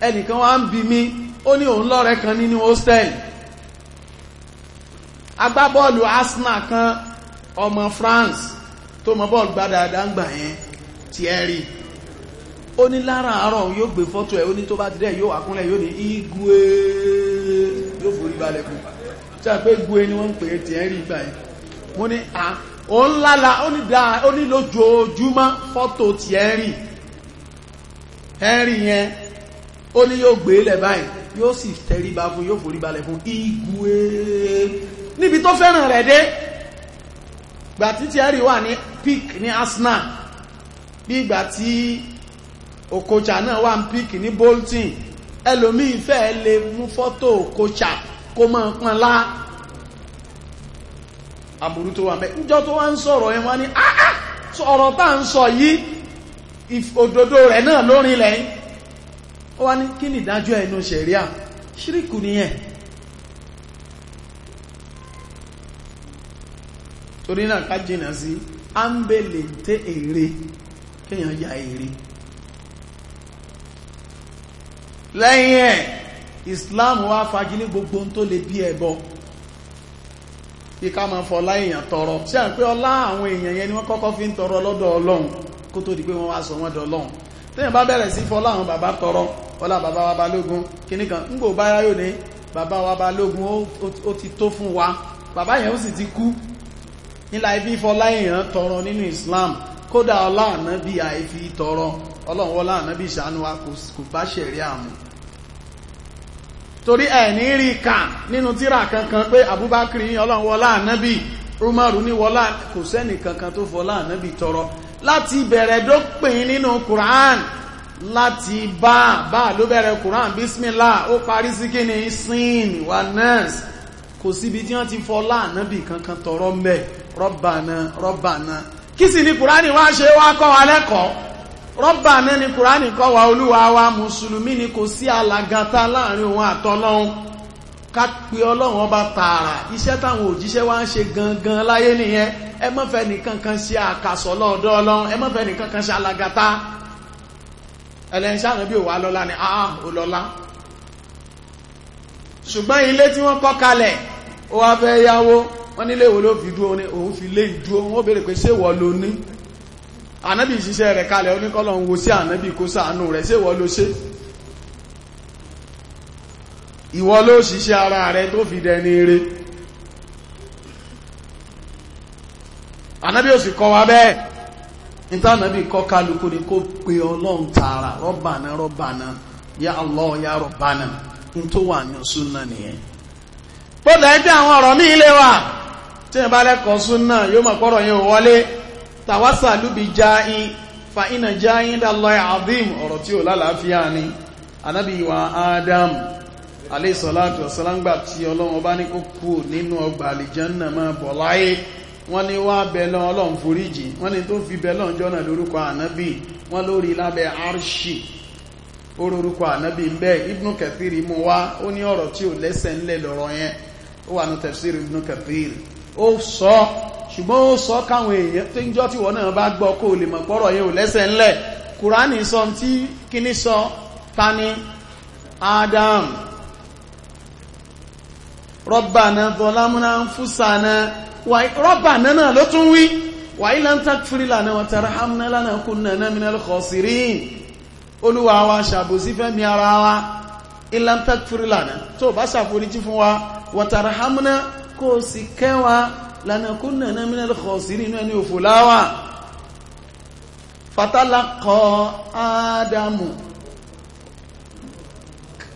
ẹnìkan wá ń bi mí ó ní òun lọ́rẹ́ kan nínú hostel agbábọ́ọ̀lù Arsenal kan ọmọ France tó mọ bọ́ọ̀lù gbá ń gbà yẹn Thierry ó ní láràárọ̀ yóò gbé fọ́tò ẹ̀ ó ní tó bá ti dẹ̀ yóò àkúnlẹ̀ yóò ní igwe yóò forí balẹ̀ kù tí a pé igwe ni wọ́n ń pè é Thierry gbà yẹn mo ní à ó ń lála ó ní dáa ó ní lójoojúmọ́ fọ́tò Thierry Henry yẹn ó ní yóò gbé lẹ̀ báyìí yóò sì tẹríba fún yóò forí balẹ̀ fún e. níbi tó fẹ́ràn rẹ̀ dé gbà tí wà ní ní Arsenal bí ìgbà tí Okocha náà wà ní pick ní Bolton ẹlòmíì fẹ́ lè mú fọ́tò Okocha kó mọ́ pọ́n lá àbúrú tó wà mẹ́ níjọ́ tó wá ń sọ̀rọ̀ yẹn wá ní ah, ah, ọ̀rọ̀ tá à ń sọ yìí òdodo rẹ̀ náà lórin ó wá ní kí ni ìdájọ́ ẹnu ṣẹ̀ríà ṣíríkù nìyẹn torí náà ká jìnà sí à ń bèlè tẹ èrè kéèyàn ya èrè lẹ́yìn ẹ̀ Islam wá fagilé gbogbo tó lè bí ẹbọ bí ká máa fọlá èèyàn tọrọ ṣé à ń pé ọlá àwọn èèyàn yẹn ni wọ́n kọ́kọ́ fi ń tọrọ lọ́dọ̀ Ọlọ́run kó tó di pé wọ́n wá sọ wọ́n dọ̀ Ọlọ́run tẹ́yìn bá bẹ̀rẹ̀ sí fọlá àwọn bàbá tọrọ fọlá bàbá wa balógun kìnnìkan ń gbò báyá yóò ní bàbá wa balógun ó ti tó fún wa bàbá yẹn ó sì ti kú nílà ibi fọ́lá èèyàn tọrọ nínú Islam kódà ọlá ànábì àìfi tọrọ ọlọ́run ọlá ànábì ìṣàánú wa kò bá ṣẹ̀rí àmú torí ẹ̀ ní rí kà nínú tíra kankan pé Abubakar yín ọlọ́run ọlá ànábì Umaru ní wọlá kò sẹ́nì kankan tó fọlá ànábì tọrọ láti bẹ̀rẹ̀ dópin nínú Quran láti bá bá ló bẹ̀rẹ̀ Quran bismillah ó parí sí kí ni sin wa nas kò síbi tí wọ́n ti fọlá ànábì kankan tọrọ mẹ́ Rabbana Rabbana kí sì ni Quran wá ṣe wá kọ́ wa lẹ́kọ̀ọ́ Rabbana ni Quran kọ́ wa olúwa wa mùsùlùmí ni kò sí alàgàtà láàrin òun àtọ́lọ́hun ká pe ọlọ́run ọba tààrà iṣẹ́ táwọn òjíṣẹ́ wá ń ṣe gangan láyé nìyẹn ẹ má fẹ́ nìkankan ṣe àkàsọ̀ lọ́ọ̀dọ́ ọlọ́run ẹ má fẹ́ nìkankan ṣe alagata ẹlẹ́yìn bí òwà lọ́lá ni àá olọ́lá ṣùgbọ́n ilé tí wọ́n kọ́ kalẹ̀ ó wá fẹ́ yáwó wọ́n nílé ìwò ló fi dúró ní òun fi lé ìdúró wọ́n bèèrè pé ṣé wọ́n ló ní ànábì ìṣiṣẹ́ rẹ̀ kalẹ̀ oníkọ́lọ̀ ń wo sí ànábì kó ṣàánú rẹ̀ ṣé wọ́n ló ṣe ìwọ ló ara rẹ tó fi dẹni eré anábí ò sì kọ́ wa bẹ́ẹ̀ níta anábí kálukú ni kó pe ọlọ́run tààrà ya Allah ya rọ́bàná ní tó wà ní súnà nìyẹn bọ́dà ẹ́ àwọn ọ̀rọ̀ ní ilé wa tí ẹ bá lẹ́kọ̀ọ́ súnà yóò mọ̀ pọ́rọ̀ yẹn wọlé tàwásà lúbi fa iná aléìsọ̀láàtù ọ̀sọ́láńgbà tí ọlọ́run bá ní kó kú nínú ọgbà àlìjánà máa bọ̀ láyé wọ́n ní wá bẹ̀lọ́ ọlọ́run foríjì wọ́n ní tó fi bẹ̀lọ́ jọ́nà lórúkọ ànábì wọ́n lórí lábẹ́ arṣì orúkọ ànábì ń bẹ́ ibnu kẹfìrì mú wá ó ní ọ̀rọ̀ tí ò lẹ́sẹ̀ ńlẹ̀ lọ́rọ̀ yẹn ó wà ní tẹ̀síìrì ibnu kẹfìrì ó sọ ṣùgbọ́n ó sọ káwọn èèyàn tó ń jọ́ tí wọ́n náà bá gbọ́ kó lè mọ̀ pọ́rọ̀ yẹn ò lẹ́sẹ̀ ńlẹ̀ kùránì sọ tí kíní sọ ta Adam rọ́bàná bọ́lámúná ń fúsànà rọ́bàná náà ló tún wí wà ilẹ̀ ń tàkfìrí lànà wọ́n tàrà hàmúná lánà kún nà náà khasirin olúwa wa ṣàbòsí fẹ́ mi ara wa ilẹ̀ ń tàkfìrí lànà tó bá ṣàforíjì fún wa wọ́n hàmúná kó sì kẹwa lànà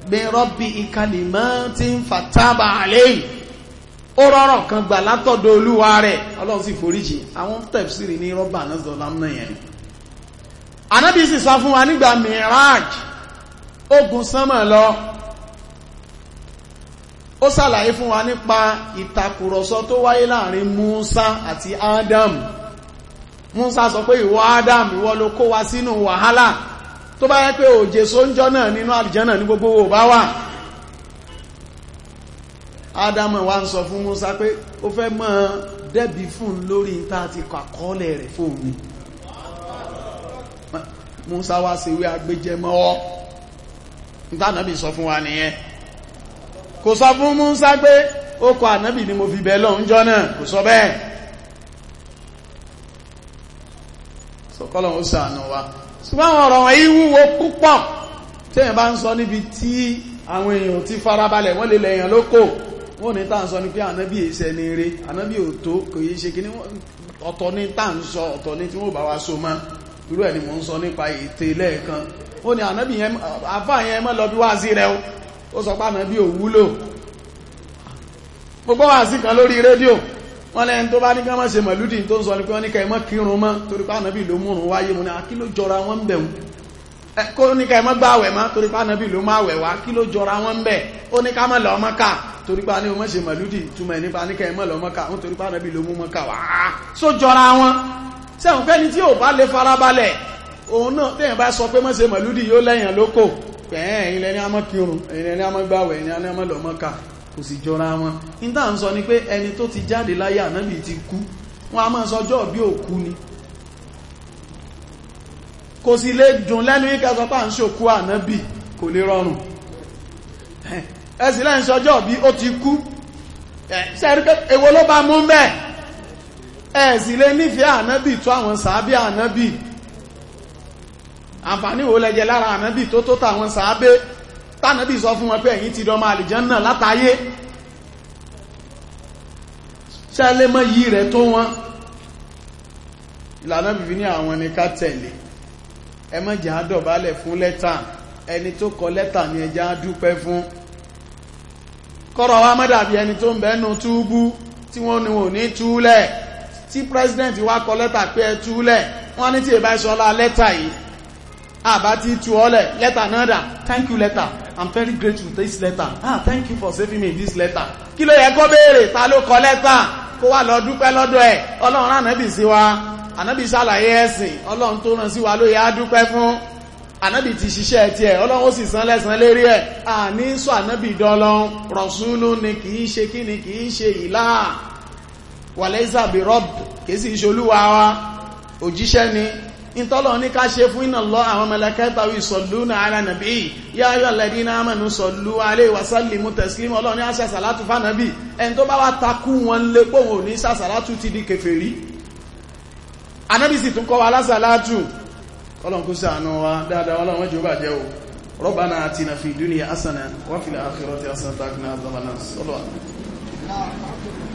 min rabbi kalimatin fataba alayhi ó rọrọ̀ kan gbà látọ̀dọ̀ olúwa rẹ̀ ọlọ́run sì foríjì àwọn tafsiri ní rọ́bà náà zọlá náà yẹn anábì sì sọ fún wa nígbà miraj ogun sánmà lọ ó sàlàyé fún wa nípa ìtàkùrọ̀sọ tó wáyé láàrin Musa àti Adam Musa sọ pé ìwọ Adam ìwọ ló kó wa sínú wàhálà tó bá yẹ pé òjè sóúnjọ́ náà nínú àlìjánà ní gbogbo ò bá wà ádámọ̀ wá ń sọ fún Mùsá pé ó fẹ́ mọ́ dẹ́bí fún lórí ta ti kọ àkọọ́lẹ̀ rẹ̀ fóun ni Mùsá wá sí wí agbéjẹmọ́ ọ́ ìtànàbì sọ fún wa nìyẹn kò sọ fún Mùsá pé ó kọ ànábì ni mo fi bẹ̀ lọ́njọ́ náà kò sọ bẹ́ẹ̀ sọkọ́lọ̀ ó sàánú wa ṣùgbọ́n ọ̀rọ̀ wọ̀nyí wúwo púpọ̀ tẹ́yìn bá ń sọ níbi tí àwọn èèyàn ti farabalẹ̀ wọ́n lè lẹ̀yàn lóko wọ́n ní tá à ń sọ ni pé ànábì èsẹ̀ ni eré ànábì òtó kò yí ṣe kíní ọ̀tọ̀ ní tá à ń sọ ọ̀tọ̀ ní tí wọ́n bá wa so mọ́ irú ẹ̀ ni mò ń sọ nípa ète lẹ́ẹ̀kan ó ní ànábì yẹn àfà yẹn mọ́ lọ bí wáàsí rẹ o ó sọ pé ànábì òwúlò gbogbo wáàsí kan lórí rédíò wọ́n lẹ́yìn tó bá ní kí wọ́n ṣe mọ̀lúdì tó ń sọ ní pé wọ́n ní kẹ́ẹ̀mọ́ kírun mọ́ torí pé ànábì ló múrun wáyé mu ní akí ló jọra wọ́n ń bẹ̀ wọ́n kó ní kẹ́ẹ̀mọ́ gbá àwẹ̀ mọ́ torí pé ànábì ló má àwẹ̀ wá kí ló jọra wọ́n ń bẹ̀ ó ní ká má lọ Mákà torí pé ànábì ṣe mọ̀lúdì túmọ̀ nípa ní kẹ́ẹ̀mọ́ lọ Mákà ó torí kò sì jọra wọn níta ń sọ ni pé ẹni tó ti jáde láyé ànábì ti kú wọn a máa sọjọ́ bí òkú ni kò sì lè dùn lẹ́nu yíká sọ pé à ń ṣòkú ànábì kò lè rọrùn ẹ̀sì lẹ́yìn sọjọ́ bí ó ti kú ṣẹ́rí pé èwo ló bá mú mẹ́ ẹ̀sì lè nífẹ̀ẹ́ ànábì tó àwọn sàábé ànábì àǹfààní lẹ́jẹ̀ lára ànábì tó tó tàwọn sàábé tánàbí sọ fún wọn pé ẹ̀yin ti dọmọ àlìjánà látayé ṣẹ́lẹ́ mọ́ yí rẹ̀ tó wọn ìlànà bìbí ní àwọn ni ká tẹ̀lé ẹ má jẹ́ àdọ̀bálẹ̀ fún lẹ́tà ẹni tó kọ lẹ́tà ni ẹjá dúpẹ́ fún kọ́rọ̀ wa má dàbí ẹni tó ń bẹ́nu túbú tí wọ́n ní wọ́n ní túlẹ̀ tí president wa kọ lẹ́tà pé ẹ túlẹ̀ wọ́n ní tí ìbá ìṣọ́lá lẹ́tà yìí àbá ti tú ọlẹ̀ lẹ́tà náà dà thank you lẹ́tà i'm very grateful for this letter ah thank you for saving me this letter kí ló yẹ kó béèrè ta ló kọ lẹ́tà kó wà lọ dúpẹ́ lọ́dọ̀ ẹ̀ ọlọ́run ànábì sí wa ànábì ṣàlàyé ẹ̀sìn ọlọ́run tó rán sí wa ló yẹ á dúpẹ́ fún ànábì ti ṣiṣẹ́ ẹ̀tì ọlọ́run ó sì san lẹ́san lérí ẹ̀ àní sọ ànábì dọ́lọ́n rọ̀súnú ni kìí ṣe kí ni kìí ṣe ìlà wàlẹ́sàbí rọ́b kìí sì ṣolúwa wa òjíṣẹ́ ni ìtọ́lọ̀ ní ká ṣe fún iná lọ àwọn mẹ́lẹ̀kẹta ìsọ̀lúnà ara nàbí yá ayọ́ lẹ́dí náà mẹ́nu sọ̀lú alẹ́ ìwàsálìmú tẹ̀sílímù ọlọ́run ní àṣàṣàlátù fánàbí ẹni tó bá wá takú wọn lé pòhùn ní ṣàṣàlátù ti di kèfèrí anábì sì tún kọ́ wa lásàlátù ọlọ́run kó ṣàánú wa dáadáa ọlọ́run jù bàjẹ́ o rọ́bànà